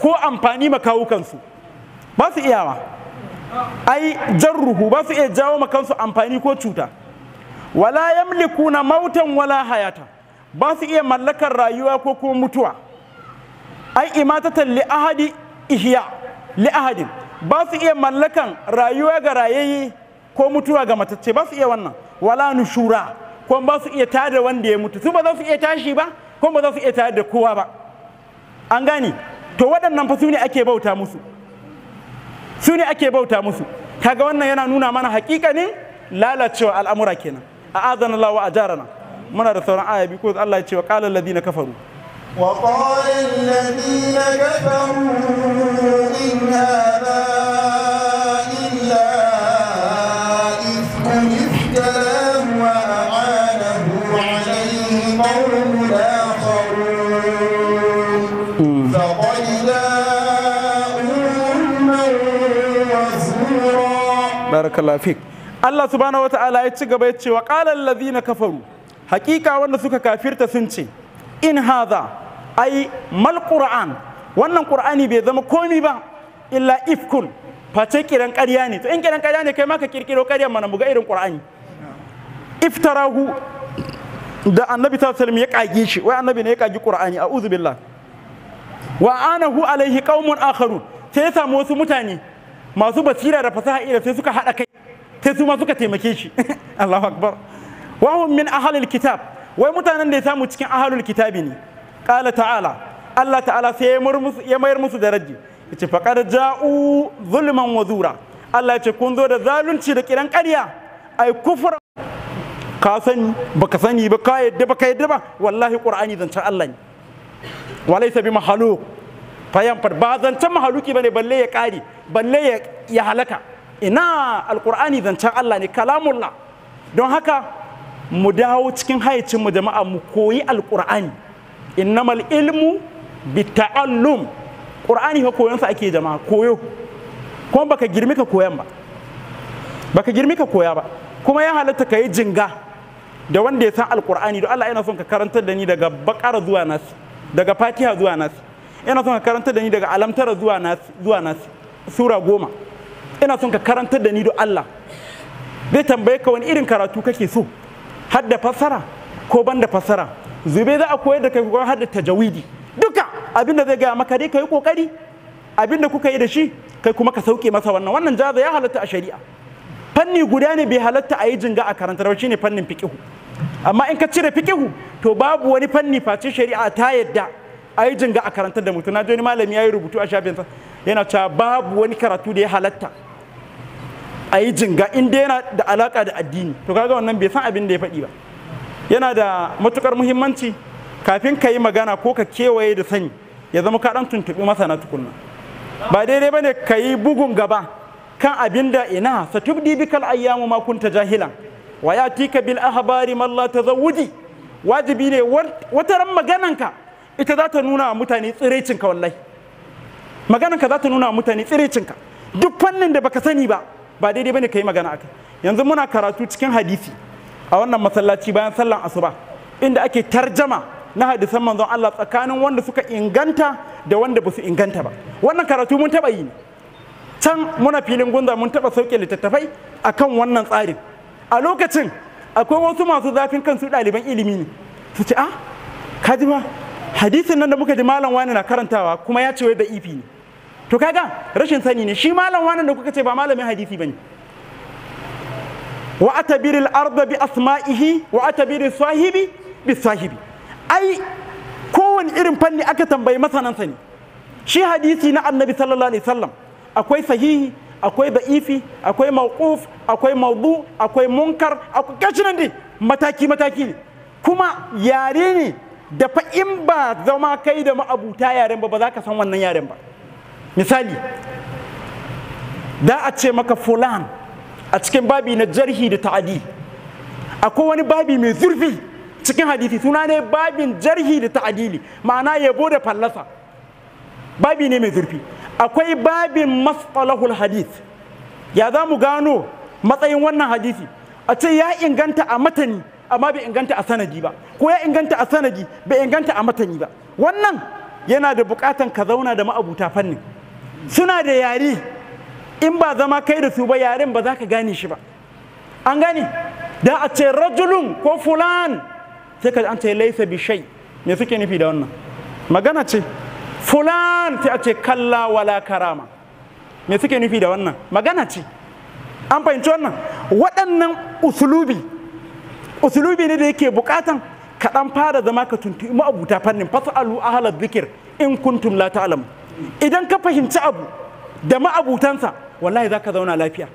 ko amfani makawukansu ba su iyawa ai jarruhu ba su iya jawo makansu amfani ko cuta wala yamlikuna mautan wala hayata ba su iya mallakar rayuwa ko kuma mutuwa ai imatatan li ahadi ihya li ahadin ba su iya mallakan rayuwa ga rayayye ko mutuwa ga matacce ba su iya wannan wala nushura ko ba su iya da wanda ya mutu su ba za su iya tashi ba kuma ba za su iya tare da kowa ba an gane to waɗannan fa su ne ake bauta musu su ne ake bauta musu kaga wannan yana nuna mana ne? lalacewa al'amura kenan a azan Allah wa ajarana muna da sauran aya ko Allah ya ce wa qala alladhina kafaru wa qala alladhina kafaru in hadha illa barakallahu fik Allah subhanahu wata'ala ya ci gaba ya ce wa qala allazina kafaru hakika wanda suka kafirta sun ce in hadha ai mal qur'an wannan qur'ani bai zama komi ba illa ifkun face kiran ƙarya ne to in kiran ƙarya ne kai ma ka kirkiro ƙaryar mana buga irin qur'ani iftarahu da annabi ta sallam ya kage shi wai annabi ne ya kage qur'ani a'udhu billah wa anahu alaihi qaumun akharun sai ya samu wasu mutane masu basira da fasaha ila sai suka haɗa kai sai su ma suka taimake shi Allahu akbar wa hum min ahlil kitab wai mutanen da ya samu cikin ahlul kitabi ne qala ta'ala Allah ta'ala sai ya mayar musu da raji yace faqad ja'u zulman wa zura Allah yace kun zo da zalunci da kiran ƙarya ai kufra ka sani baka sani ba ka yadda baka yadda ba wallahi qur'ani zancen Allah ne walaysa bi fayamfar ba zancen mahaluki bane balle ya kare balle ya halaka ina alkur'ani zancen Allah ne kalamullah don haka mu dawo cikin hayacin mu jama'a mu koyi alkur'ani innamal ilmu bita'allum qur'ani ko koyon sa ake jama'a koyo kuma baka girmi ka koyan ba baka girmi ka koya ba kuma ya halatta ka jinga da wanda ya san alkur'ani don Allah yana son ka karantar da ni daga bakara zuwa nas daga fatiha zuwa nas ina son ka karanta da ni daga alamtar zuwa na zuwa na sura goma ina son ka karanta da ni don Allah zai tambaye ka wani irin karatu kake so har da fassara ko ban da fassara zube za a koyar da kai ko har da tajawidi duka abinda zai gaya maka dai kai kokari abinda kuka yi da shi kai kuma ka sauke masa wannan wannan jaza ya halatta a shari'a fanni guda ne bai halatta a yi jinga a karanta ba shine fannin fiqihu amma in ka cire fiqihu to babu wani fanni face shari'a ta yadda ai jinga a karantar da mutum na ji wani malami ya yi rubutu a shafinsa yana cewa babu wani karatu da ya halatta a yi jinga in dai yana da alaka da addini to kaga wannan bai san abin da ya faɗi ba yana da matukar muhimmanci kafin ka yi magana ko ka kewaye da sani ya zama ka ɗan tuntuɓi masana tukunna ba daidai bane ka yi bugun gaba kan abin da ina satubdi bikal ayyamu ma kunta jahilan wa yatika bil ahbari man la wajibi ne wata ran magananka ita za ta nuna wa mutane tsirecinka wallahi maganarka za ta nuna wa mutane tsirecinka duk fannin da baka sani ba ba daidai bane ka yi magana aka yanzu muna karatu cikin hadisi a wannan masallaci bayan sallan asuba inda ake tarjama na hadisan manzon Allah tsakanin wanda suka inganta da wanda ba su inganta ba wannan karatu mun taba yi can muna filin gunza mun taba sauke littattafai akan wannan tsarin a lokacin akwai wasu masu zafin kansu ɗaliban ilimi ne su ce ah kaji ma hadisin nan da muka ji malam wani na karantawa kuma ya ce wai da ifi ne to kaga rashin sani ne shi malam wani da kuka ce ba malamin hadisi bane wa atabiril arda bi asma'ihi wa atabiril sahibi bi sahibi ai kowane irin fanni aka tambayi masanan sani shi hadisi na annabi sallallahu alaihi wasallam akwai sahihi akwai da'ifi akwai mawquf akwai mawdu akwai munkar akwai kashin nan dai mataki mataki kuma yare ne da fa in ba zama kai da ma'abuta yaren ba ba za ka san wannan yaren ba misali da a ce maka fulan a cikin babi na jarhi da ta'adi akwai wani babi mai zurfi cikin hadisi suna ne babin jarhi da ta'adili ma'ana yabo da fallasa babi ne mai zurfi akwai babin matsalahul hadith ya za mu gano matsayin wannan hadisi a ce ya inganta a matani amma bai inganta a sanadi ba ko ya inganta a sanadi bai inganta a matani ba wannan yana da bukatan ka zauna da ma'abuta fannin suna da yare in ba zama kai da su ba yaren ba za ka gane shi ba an gane da a ce rajulun ko fulan sai ka an ce laisa bi shai me suke nufi da wannan magana ce fulan sai a ce kalla wala karama me suke nufi da wannan magana ce an fahimci wannan waɗannan usulubi usulubi ne da yake bukatan kaɗan fara zama ka tuntuɓi ma'abuta fannin fasalu ahalar zikir in kuntum la ta'lamu idan ka fahimci abu da ma'abutansa wallahi za ka zauna lafiya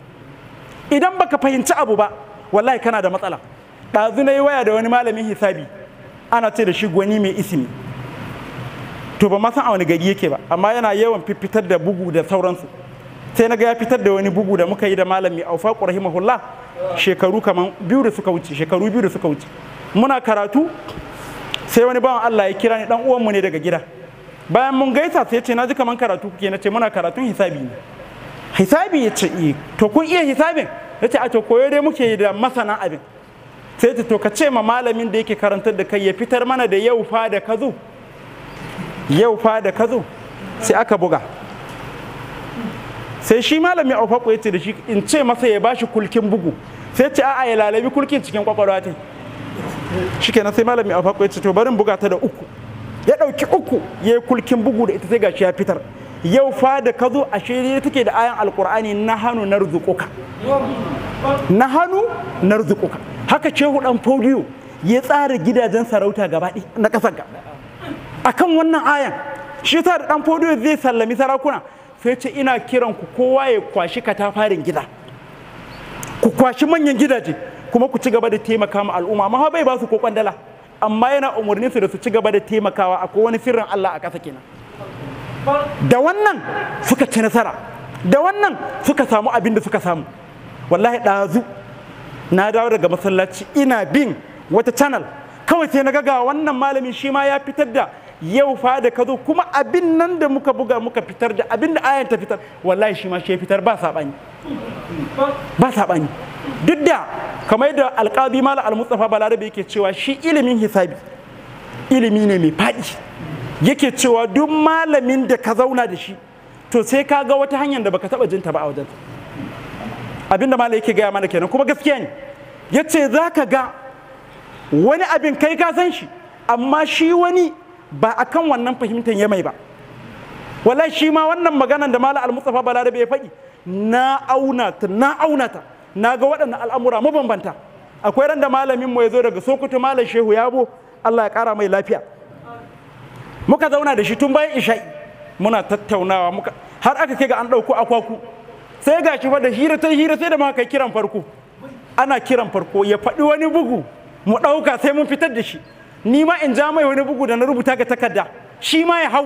idan baka fahimci abu ba wallahi kana da matsala ɗazu na yi waya da wani malamin hisabi ana ce da shi gwani mai isimi to ba ma a wani gari yake ba amma yana yawan fitar da bugu da sauransu sai na ga ya fitar da wani bugu da muka yi da malami aufa rahimahullah shekaru kaman biyu da suka wuce shekaru biyu da suka wuce muna karatu sai wani bawan Allah ya kira ni dan uwanmu ne daga gida bayan mun gaisa sai ya ce ji kaman karatu kuke na ce muna karatun hisabi ne hisabi ya ce eh, to kun iya hisabin ya ce a to koyo dai muke da masana abin sai ce to ka ce ma malamin da yake karantar da kai ya fitar mana da yau fa da kazo yau fa da ka sai aka buga sai shi malami aufaɓo ya ce da shi in ce masa ya bashi kulkin bugu sai ce a'a ya lalabi kulkin cikin kwakwalwa ta shi kenan sai malami aufaɓo ya ce to barin buga ta da uku ya ɗauki uku ya yi kulkin bugu da ita sai gashi ya fitar yau fa da ka zo a shirye take da ayan alkur'ani na hannu na rizukuka na hannu na rizukuka haka hu dan fodiyo ya tsara gidajen sarauta gaba na ƙasar gaba akan wannan ayan shi ta da dan fodiyo zai sallami sarakuna sai ce ina kiran ku kowa ya kwashi katafarin gida ku kwashi manyan gidaje kuma ku ci gaba da taimaka ma al'umma amma bai ba su ko kwandala amma yana umarnin su da su ci gaba da taimakawa akwai wani sirrin Allah a ƙasa kenan da wannan suka ci nasara da wannan suka samu abin da suka samu wallahi ɗazu na dawo daga masallaci ina bin wata channel kawai sai na ga wannan malamin shi ma ya fitar da yau fa da ka zo kuma abin nan da muka buga muka fitar da abin da ayan ta fitar wallahi shi ma shi fitar ba saɓani ba saɓani duk da kamar da alƙabi mala al-mustafa balarabe yake cewa shi ilimin hisabi ilimi ne mai faɗi yake cewa duk malamin da ka zauna da shi to sai ka ga wata hanyar da baka taɓa jinta ba a wajen abin da mala yake gaya mana kenan kuma gaskiya ne ya ce za ka ga wani abin kai ka san shi amma shi wani ba akan wannan fahimtar ya mai ba wallahi shi ma wannan maganar da mala al-mustafa balarabe ya faɗi na auna ta na auna ta na ga waɗannan al'amura mabambanta akwai ran da malamin mu ya zo daga sokoto malam shehu yabo Allah ya ƙara mai lafiya muka zauna da shi tun bayan isha'i muna tattaunawa muka har aka kai ga an ɗauko akwaku sai ga shi fa da hira sai hira sai da muka kai kiran farko ana kiran farko ya faɗi wani bugu mu ɗauka sai mun fitar da shi ni ma in ja mai wani bugu da na rubuta ga takarda shi ma ya hau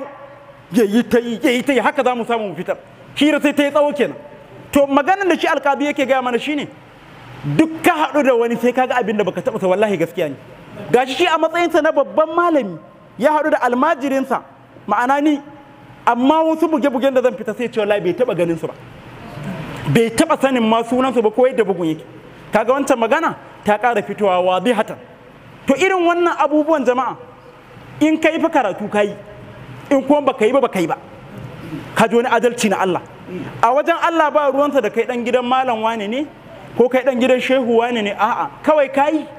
ya yi ta yi ya yi ta yi haka za mu samu mu fitar hira sai ta yi tsawo kenan to maganar da shi alkadu yake gaya mana shine duk ka haɗu da wani sai ga abin da baka taɓa wallahi gaskiya ne gashi shi a matsayinsa na babban malami ya haɗu da almajirinsa ma'ana ni amma wasu buge-bugen da zan fita sai wallahi bai taɓa ganin su ba bai taɓa sanin ma sunansu ba ko yadda bugun yake kaga wancan magana ta ƙara fitowa wadihatan to irin wannan abubuwan jama'a in ka yi fa karatu ka yi in kuma baka yi ba baka yi ba ka ji wani adalci na Allah a wajen Allah ba ruwansa da kai dan gidan malam wane ne ko kai dan gidan shehu wane ne a'a kawai kai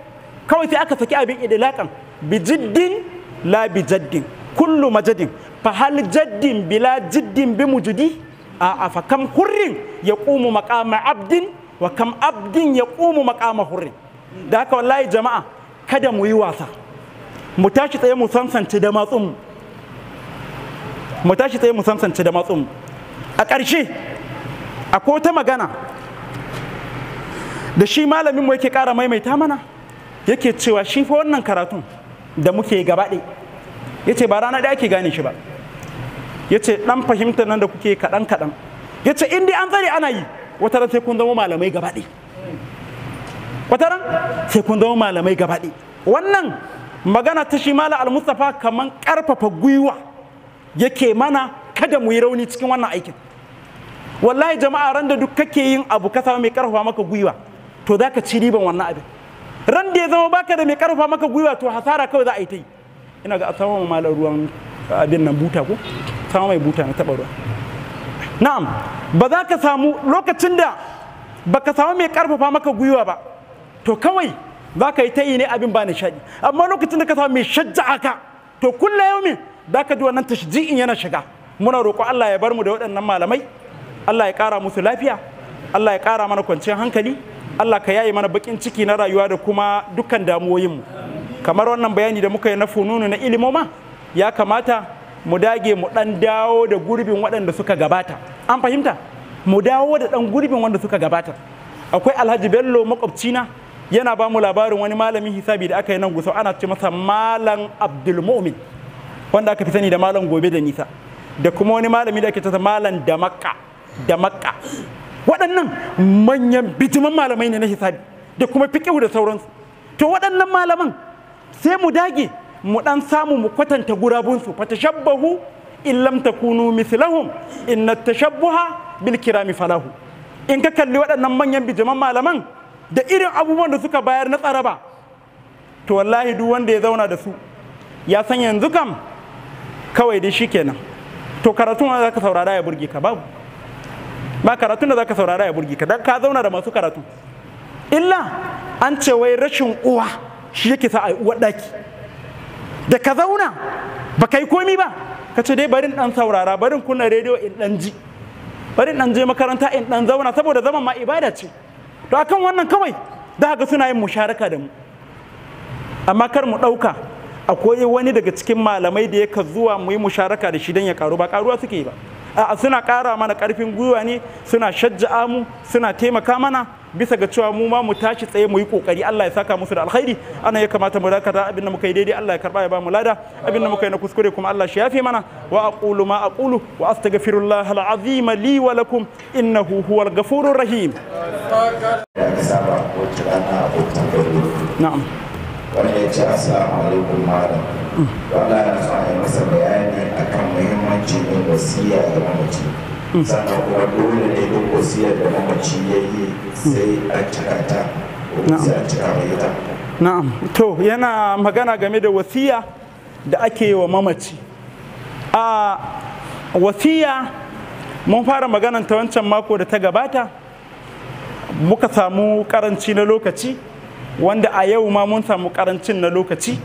kawai sai aka saki abin idlaqan bi jiddin la bi jaddin kullu majadin fa hal jaddin bila jiddin bi mujdi a'a fa kam hurrin qumu maqama abdin wa kam abdin ya qumu maqama hurrin da haka wallahi jama'a kada mu yi wasa mu tashi tsaye mu sansanta da matsun mu tashi tsaye mu sansanta da matsun a ƙarshe ko ta magana da shi malamin mu yake ƙara maimaita mana yake cewa shi fa wannan karatun da muke gaba ya ce ba rana ɗaya ake gane shi ba ya ce ɗan fahimtar nan da kuke kaɗan kaɗan ya ce in an tsare ana yi wata ran sai kun zama malamai gaba wataran sai kun zama malamai gabaɗi wannan magana ta shi mala al-mustafa kaman ƙarfafa gwiwa yake mana kada mu yi rauni cikin wannan aikin wallahi jama'a ran da duk kake yin abu ka samu mai ƙarfafa maka gwiwa to ka ci riban wannan abin ran da ya zama baka da mai ƙarfafa maka gwiwa to hasara kawai za a yi ta yi ina ga a samu malar ruwan abin nan buta ko samu mai buta na taɓa ruwa na'am ba za ka samu lokacin da baka samu mai ƙarfafa maka gwiwa ba to kawai za ka yi ta yi ne abin ba nishaɗi amma lokacin da ka samu mai shajja'a ka to kulla yaumin za ka ji wannan tashji'in yana shiga muna roƙo Allah ya bar mu da waɗannan malamai Allah ya ƙara musu lafiya Allah ya ƙara mana kwanciyar hankali Allah ka yaye mana baƙin ciki na rayuwa da kuma dukkan mu kamar wannan bayani da muka yi na fununu na ilimoma ya kamata mu dage mu ɗan dawo da gurbin waɗanda suka gabata an fahimta mu dawo da ɗan gurbin wanda suka gabata akwai alhaji bello makwabcina yana ba mu labarin wani malamin hisabi da aka yi nan gusau ana ce masa malam abdulmumin wanda aka fi sani da malam gobe da nisa da kuma wani malami da ake ce malam da makka da makka waɗannan manyan bitiman malamai ne na hisabi da kuma fiƙihu da sauransu to waɗannan malaman sai mu dage mu ɗan samu mu kwatanta gurabunsu fa tashabbahu in lam takunu mislahum inna tashabbuha bil kirami falahu in ka kalli waɗannan manyan bijiman malaman da irin abubuwan da suka bayar na tsara ba, to wallahi duk wanda ya zauna da su ya san yanzu kam kawai dai shi kenan to karatun da zaka saurara ya burge ka babu ba karatun da zaka saurara ya burge ka dan ka zauna da masu karatu illa an ce wai rashin uwa shi yake sa a uwa daki da ka zauna ba kai komi ba ka ce dai barin dan saurara barin kunna rediyo in dan ji barin dan je makaranta in dan zauna saboda zaman ma ibada ce to akan wannan kawai da haka suna yin musharaka da mu amma kar mu ɗauka akwai wani daga cikin malamai da yaka zuwa mu yi musharaka da shi don ya karu ba karuwa suke ba a suna ƙara mana ƙarfin gwiwa ne suna shajja'a mu suna taimaka mana bisa ga cewa mu ma mu tashi tsaye mu yi kokari Allah ya saka musu da alkhairi ana ya kamata mu dakata abin da muka yi daidai Allah ya karba ya ba mu lada abin da muka yi na kuskure kuma Allah shi yafe mana wa aqulu ma aqulu wa astaghfirullah alazim li wa lakum innahu huwal ghafurur rahim na'am wani ya ce assalamu alaikum malam mm. wala na so a yi masa bayani akan muhimmancin yin wasiya ga mamaci sannan kuma dole ne duk wasiyar da mamaci ya yi sai a cika ta sai a cika mai na'am to yana magana game da wasiya da ake yi wa mamaci a wasiya mun fara maganan ta wancan mako da ta gabata muka samu karanci na lokaci wanda a yau ma mun samu karancin na lokaci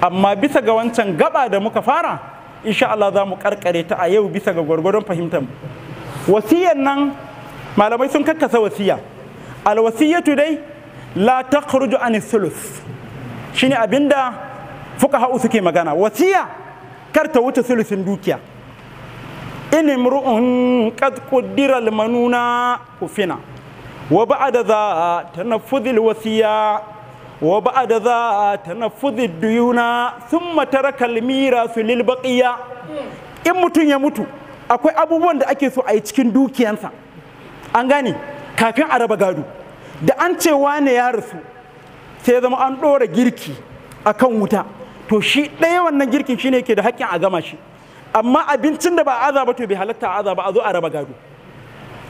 amma bisa ga wancan gaba da muka fara insha Allah za mu karkare ta a yau bisa ga gwargwadon fahimtar Wasiyar nan malamai sun karkasa wasiya alwasiyatu dai la takhruju an sulus shine abinda fuqaha suke magana wasiya kar ta wuce sulusin dukiya in imru'un qad qaddara almanuna kufina wa ba'da za tanaffudhu wasiya. وبعد ذا تنفذ sun ثم ترك su للبقية in mutum ya mutu akwai abubuwan da ake so a yi cikin dukiyansa an gane kafin a raba gado da an ce wane ya rasu sai zama an ɗora girki a kan wuta to shi ɗaya wannan girkin shine ke da haƙƙin a gama shi amma abincin da ba azaba ba to bai halatta a aza ba a zo a raba gado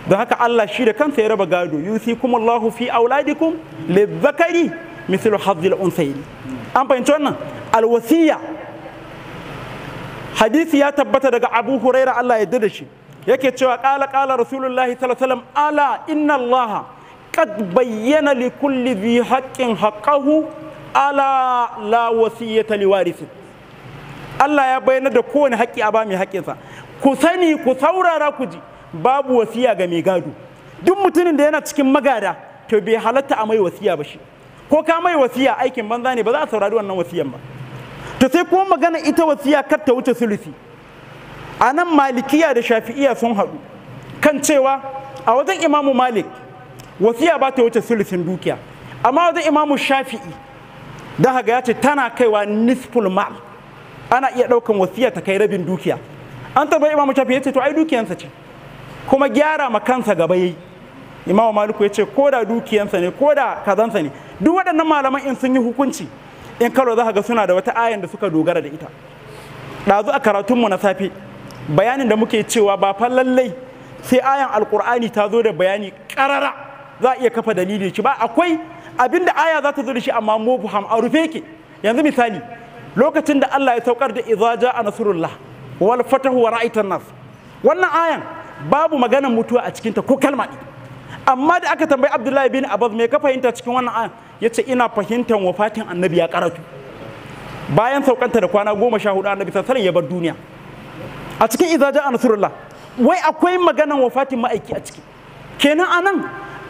don haka Allah shi da kansa ya raba gado yusikum Allahu fi auladikum lizzakari مثل حظ الأنثيين an fahimci wannan alwasiya hadisi ya tabbata daga abu huraira allah ya da shi yake cewa ƙala ƙala rasulullahi sallallahu ala inna allaha qad bayyana li kulli dhi haqqin haqqahu ala la wasiyata li warithin allah ya bayyana da kowane haƙƙi a ba mai haƙƙinsa ku sani ku saurara ku ji babu wasiya ga mai gado duk mutumin da yana cikin magada to bai halarta a mai wasiya ba shi ko ka mai wasiya aikin banza ne ba za a saurari wannan wasiyan ba to sai kuma magana ita wasiya kar ta wuce sulusi a nan malikiya da shafi'iya sun haɗu kan cewa a wajen imamu malik wasiya ba ta wuce sulusin dukiya amma wajen imamu shafi'i da haga ya ce tana kaiwa nisful mal ana iya ɗaukan wasiya ta kai rabin dukiya an tabbai imamu shafi'i ya ce to ai dukiyansa ce kuma gyara ma kansa gaba yayi imam maliku ya ce ko da dukiyansa ne ko da kazansa ne duk waɗannan malaman in sun yi hukunci in karo za ka ga suna da wata ayan da suka dogara da ita ɗazu a karatunmu na safe bayanin da muke cewa ba fa lallai sai ayan alkur'ani ta zo da bayani ƙarara za a iya kafa dalili shi ba akwai abin da aya za ta zo da shi amma mubham a rufe ke yanzu misali lokacin da Allah ya saukar da idza jaa nasrullah wal fatahu wa ra'aitan nas wannan ayan babu maganar mutuwa a cikinta ko kalma amma da aka tambayi abdullahi bin abbas me ka fahimta cikin wannan an ya ce ina fahimtar wafatin annabi ya karatu bayan saukanta da kwana goma sha hudu annabi sassanin ya bar duniya a cikin izaja a nasarullah wai akwai maganan wafatin ma'aiki a ciki kenan anan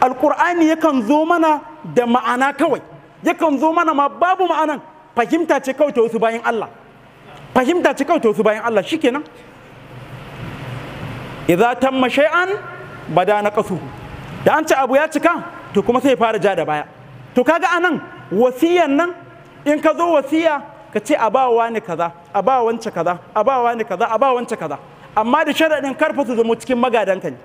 alkur'ani yakan zo mana da ma'ana kawai yakan zo mana ma babu ma'anan fahimta ce kawai ta wasu bayan allah fahimta ce kawai ta wasu bayan allah shikenan idza tamma shay'an bada na kasuhu da an ce abu ya cika to kuma sai fara ja da baya to kaga anan wasiyan nan in ka zo wasiya ka ce a bawa ne kaza a ba wance kaza a ba ne kaza a ba wance kaza amma da sharaɗin karfa su zama cikin magadan ka ne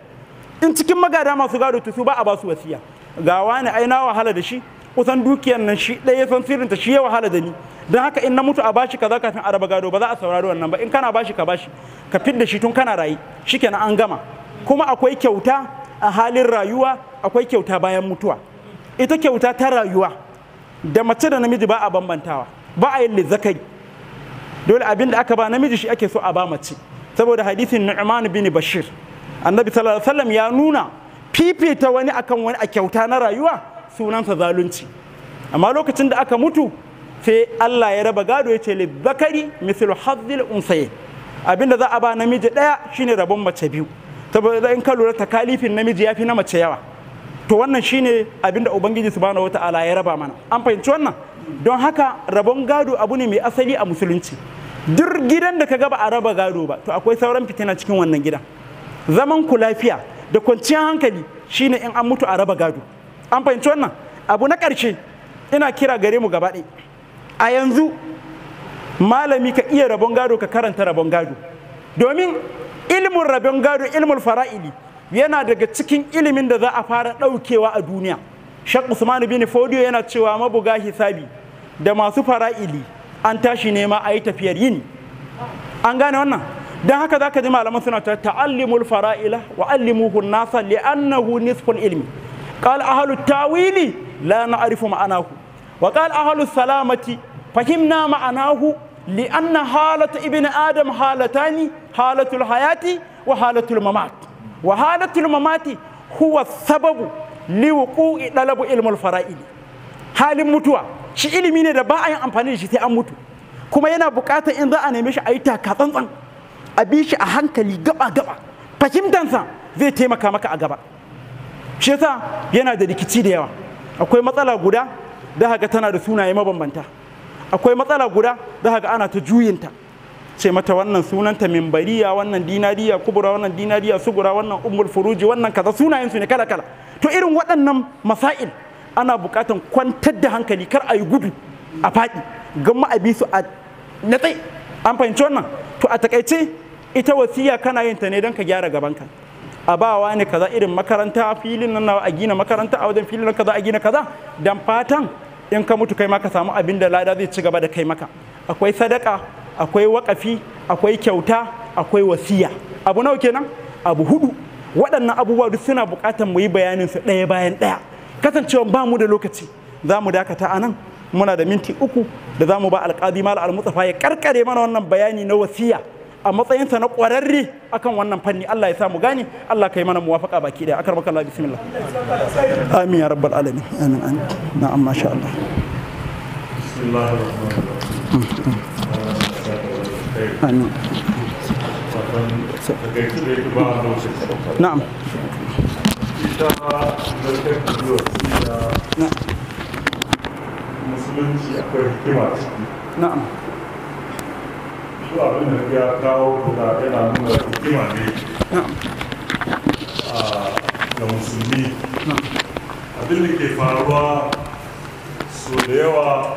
in cikin magada masu gado to su ba a ba su wasiya ga wani ai na wahala da shi kusan dukiyar nan shi ɗaya san sirrinta shi ya wahala da ni don haka in na mutu a bashi kaza kafin a raba gado ba za a saurari wannan ba in kana bashi ka bashi ka fidda shi tun kana rayu shikenan an gama kuma akwai kyauta a halin rayuwa akwai kyauta bayan mutuwa ita kyauta ta rayuwa da mace da namiji ba a bambantawa ba a yin lizakai. dole abin da aka ba namiji shi ake so a ba mace saboda hadisin nu'man bin bashir annabi sallallahu alaihi wasallam ya nuna fifita wani akan wani a kyauta na rayuwa sunansa zalunci amma lokacin da aka mutu sai Allah ya raba gado ya ce li zakari mislu hazzil unsay abinda za a ba namiji daya shine rabon mace biyu saboda in ka lura takalifin namiji ya fi na mace yawa to wannan shine abinda ubangiji subhanahu wataala ya raba mana an fahimci wannan don haka rabon gado abu ne mai asali a musulunci duk gidan da ka gaba a raba gado ba to akwai sauran fitina cikin wannan gidan zaman ku lafiya da kwanciyar hankali shine in an mutu a raba gado an fahimci wannan abu na ƙarshe ina kira gare mu gaba a yanzu malami ka iya rabon gado ka karanta rabon gado domin ilmin rabin gado ilmin fara'ili yana daga cikin ilimin da za a fara ɗaukewa a duniya shak usman bin fodiyo yana cewa mabuga hisabi da masu fara'ili an tashi nema a yi tafiyar yini an gane wannan don haka za ka ji malaman suna ta ta'allimul fara'ila wa allimuhu nasa li'annahu nisful ilmi qala ahlu tawili la na'rifu ma'anahu wa qala ahlu salamati fahimna ma'anahu li'anna halata ibn adam halatani halatul hayati wa halatul mamat wa halatul mamati huwa sababu liwuqu'i dalabu ilmul fara'ili halin mutuwa shi ilimi ne da ba a yin amfani da shi sai an mutu kuma yana buƙatar in za a neme shi a yi taka tsantsan a bi shi a hankali gaba gaba fahimtansa zai taimaka maka a gaba shi yasa yana da rikici da yawa akwai matsala guda da haka tana da sunaye mabambanta akwai matsala guda za ga ana ta juyinta ce mata wannan sunanta mimbariya wannan dinariya kubura wannan dinariya sugura wannan umul furuji wannan kaza sunayen su ne kala kala to irin waɗannan masail ana buƙatar kwantar da hankali kar a yi gudu a faɗi gamma a bi su a natsai an fahimci wannan to a takaice ita wasiya kana yin ta ne don ka gyara gabanka a ba wa ne kaza irin makaranta filin nan a gina makaranta a wajen filin kaza a gina kaza dan fatan in ka mutu kai ma samu abin da lada zai ci gaba da kai maka akwai sadaka akwai wakafi akwai kyauta akwai wasiya abu nawa kenan abu hudu waɗannan abubuwa duk suna buƙatar mu yi bayanin su ɗaya bayan ɗaya kasancewa ba mu da lokaci za mu dakata a nan muna da minti uku da za mu ba alƙazi mal al-mustafa ya karkare mana wannan bayani na wasiya a matsayinsa na ƙwararre akan wannan fanni Allah ya sa mu gane Allah kai mana muwafaka baki daya akar maka Allah bismillah amin ya rabbal alamin amin amin na'am masha Allah na'am na'am su abin da ya kawo kuma yana nuna ne ga musulmi abin da ke faruwa so da yawa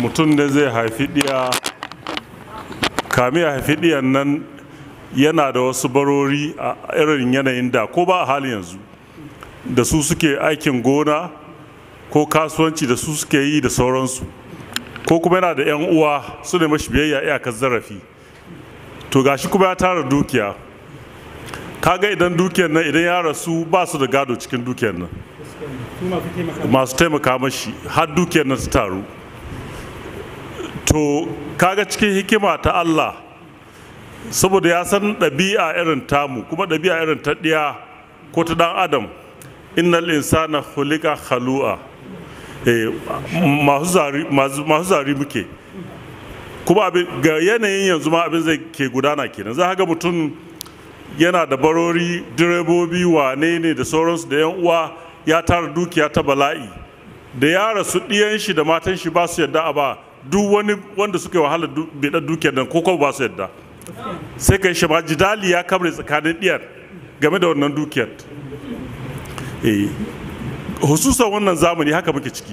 mutum da zai haifi ɗiya kami haifi ɗiyan nan yana da wasu barori a irin yanayin da ko ba a halin yanzu da su suke aikin gona ko kasuwanci da su suke yi da sauransu ko kuma yana da 'yan uwa su ne mashi biyayya iyakar zarafi to gashi kuma ya tara dukiya kaga idan dukiyar nan idan ya rasu ba su da gado cikin dukiyar nan masu taimaka mashi har dukiyar nan su taru to kaga cikin hikima ta Allah saboda ya san ɗabi'a irin tamu kuma ɗabi'a irin ta ɗiya ko ta ɗan adam innal insana khuliqa khalu'a Eh, masu zari muke kuma ga yanayin yanzu ma abin zai ke gudana kenan za ga mutum yana da barori direbobi wane ne da sauransu da yan uwa ya tara dukiya ta bala'i da ya rasu ɗiyan shi da matan shi ba su yadda a ba duk wani wanda suka yi wahala bidan dukiyar nan ko ba su yadda sai kai shi ma jidali ya kamar tsakanin ɗiyar game da wannan dukiyar eh, hususan wannan zamani haka muke ciki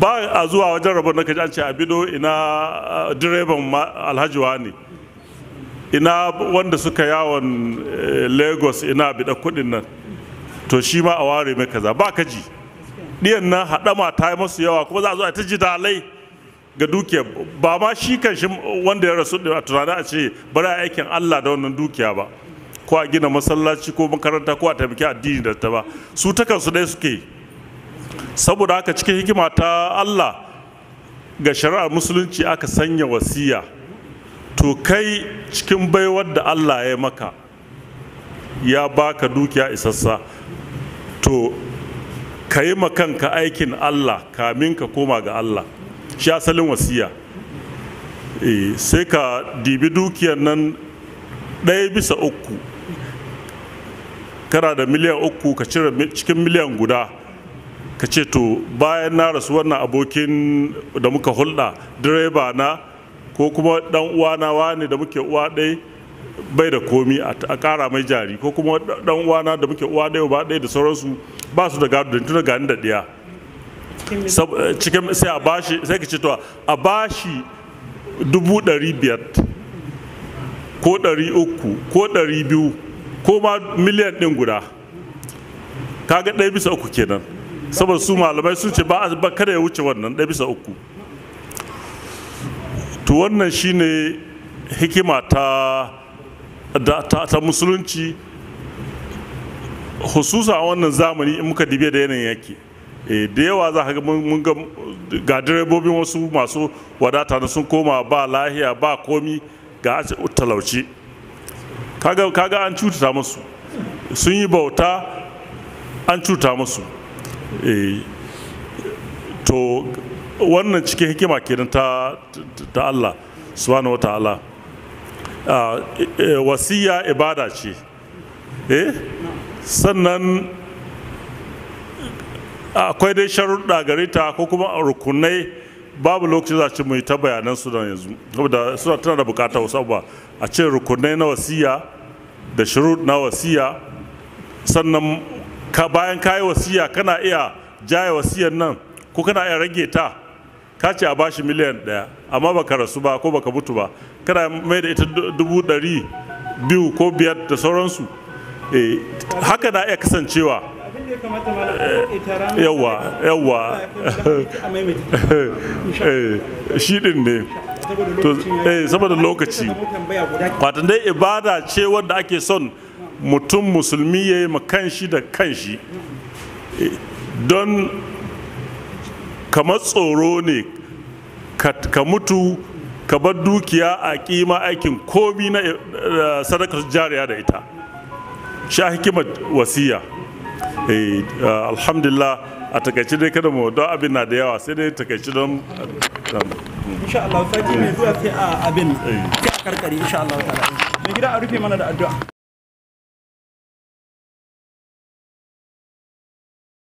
ba a zuwa wajen rabon na kaji an ce abido ina uh, direban alhaji ne ina wanda suka yawon eh, lagos ina bida kudin nan to shi ma a ware mai kaza ba kaji ɗiyan nan haɗama ta yi masu yawa kuma za a zo a ta ji dalai ga dukiya ba ma shi kan shi wanda ya rasu a tunanin a ce bari a aikin allah da wannan dukiya ba ko a gina masallaci ko makaranta ko a taimaki addini da ta ba su ta kansu dai suke saboda haka cikin hikima ta Allah ga shari'ar musulunci aka sanya wasiya to kai cikin baiwar da Allah ya maka ya baka dukiya isassa to ka yi makanka aikin Allah kamin ka koma ga Allah shi asalin wasiya eh, sai ka dibi dukiyar nan ɗaya bisa uku kana da miliyan uku ka cire cikin miliyan guda ka ce to bayan na rasu wannan abokin da muka hulɗa direba na ko kuma dan uwana wani da muke uwa ɗai bai da komi a ƙara mai jari ko kuma dan uwana da muke uwa ɗai ba ɗai da sauransu ba su da gado da tuna gani da ɗiya cikin sai a bashi sai ka ce to a bashi dubu ɗari biyar ko ɗari uku ko ɗari biyu ko ma miliyan ɗin guda kaga ɗaya bisa uku kenan saboda su malamai sun ce ba kada ya wuce wannan ɗaya bisa uku to wannan shine hikima ta da ta, ta musulunci hususa a wannan zamani in muka dibe da yanayin yake eh, da yawa za ka mun ga ga direbobin wasu masu wadata na sun koma ba lahiya ba komi ga talauci kaga kaga an cuta musu sun yi bauta an cuta musu e, to wannan cikin hikima kenan ta, ta Allah subhanahu wata'ala uh, ah, e, eh, wasiya ibada ce eh sannan akwai dai sharuɗa gare ta ko kuma rukunai babu lokacin za ci mai yi ta bayanansu da yanzu saboda suna tana da bukatar wasu abubuwa a ce rukunai na wasiya da shirut na wasiya sannan ka bayan kayi wasiya kana iya jaya wasiyar nan ko kana iya rage ta ka ce a bashi miliyan ɗaya amma baka rasu ba ko baka mutu ba kana mai da ita dubu dari biyu ko biyar da sauransu eh, haka na iya kasancewa yawa yawa eh, shi din ne saboda lokaci fatan eh, dai ibada ce wadda ake son mutum musulmi ya yi kanshi da kanshi eh, don kamar tsoro ne ka mutu ka bar dukiya a kima aikin komi na eh, sadakar jariya da ita sha hikimar wasiya alhamdulillah a takaice dai kada mu don abin na da yawa sai dai takaice don insha Allah sati mai zuwa sai a abin eh. sai a karkare insha Allah ta'ala mai gida a rufe mana da addu'a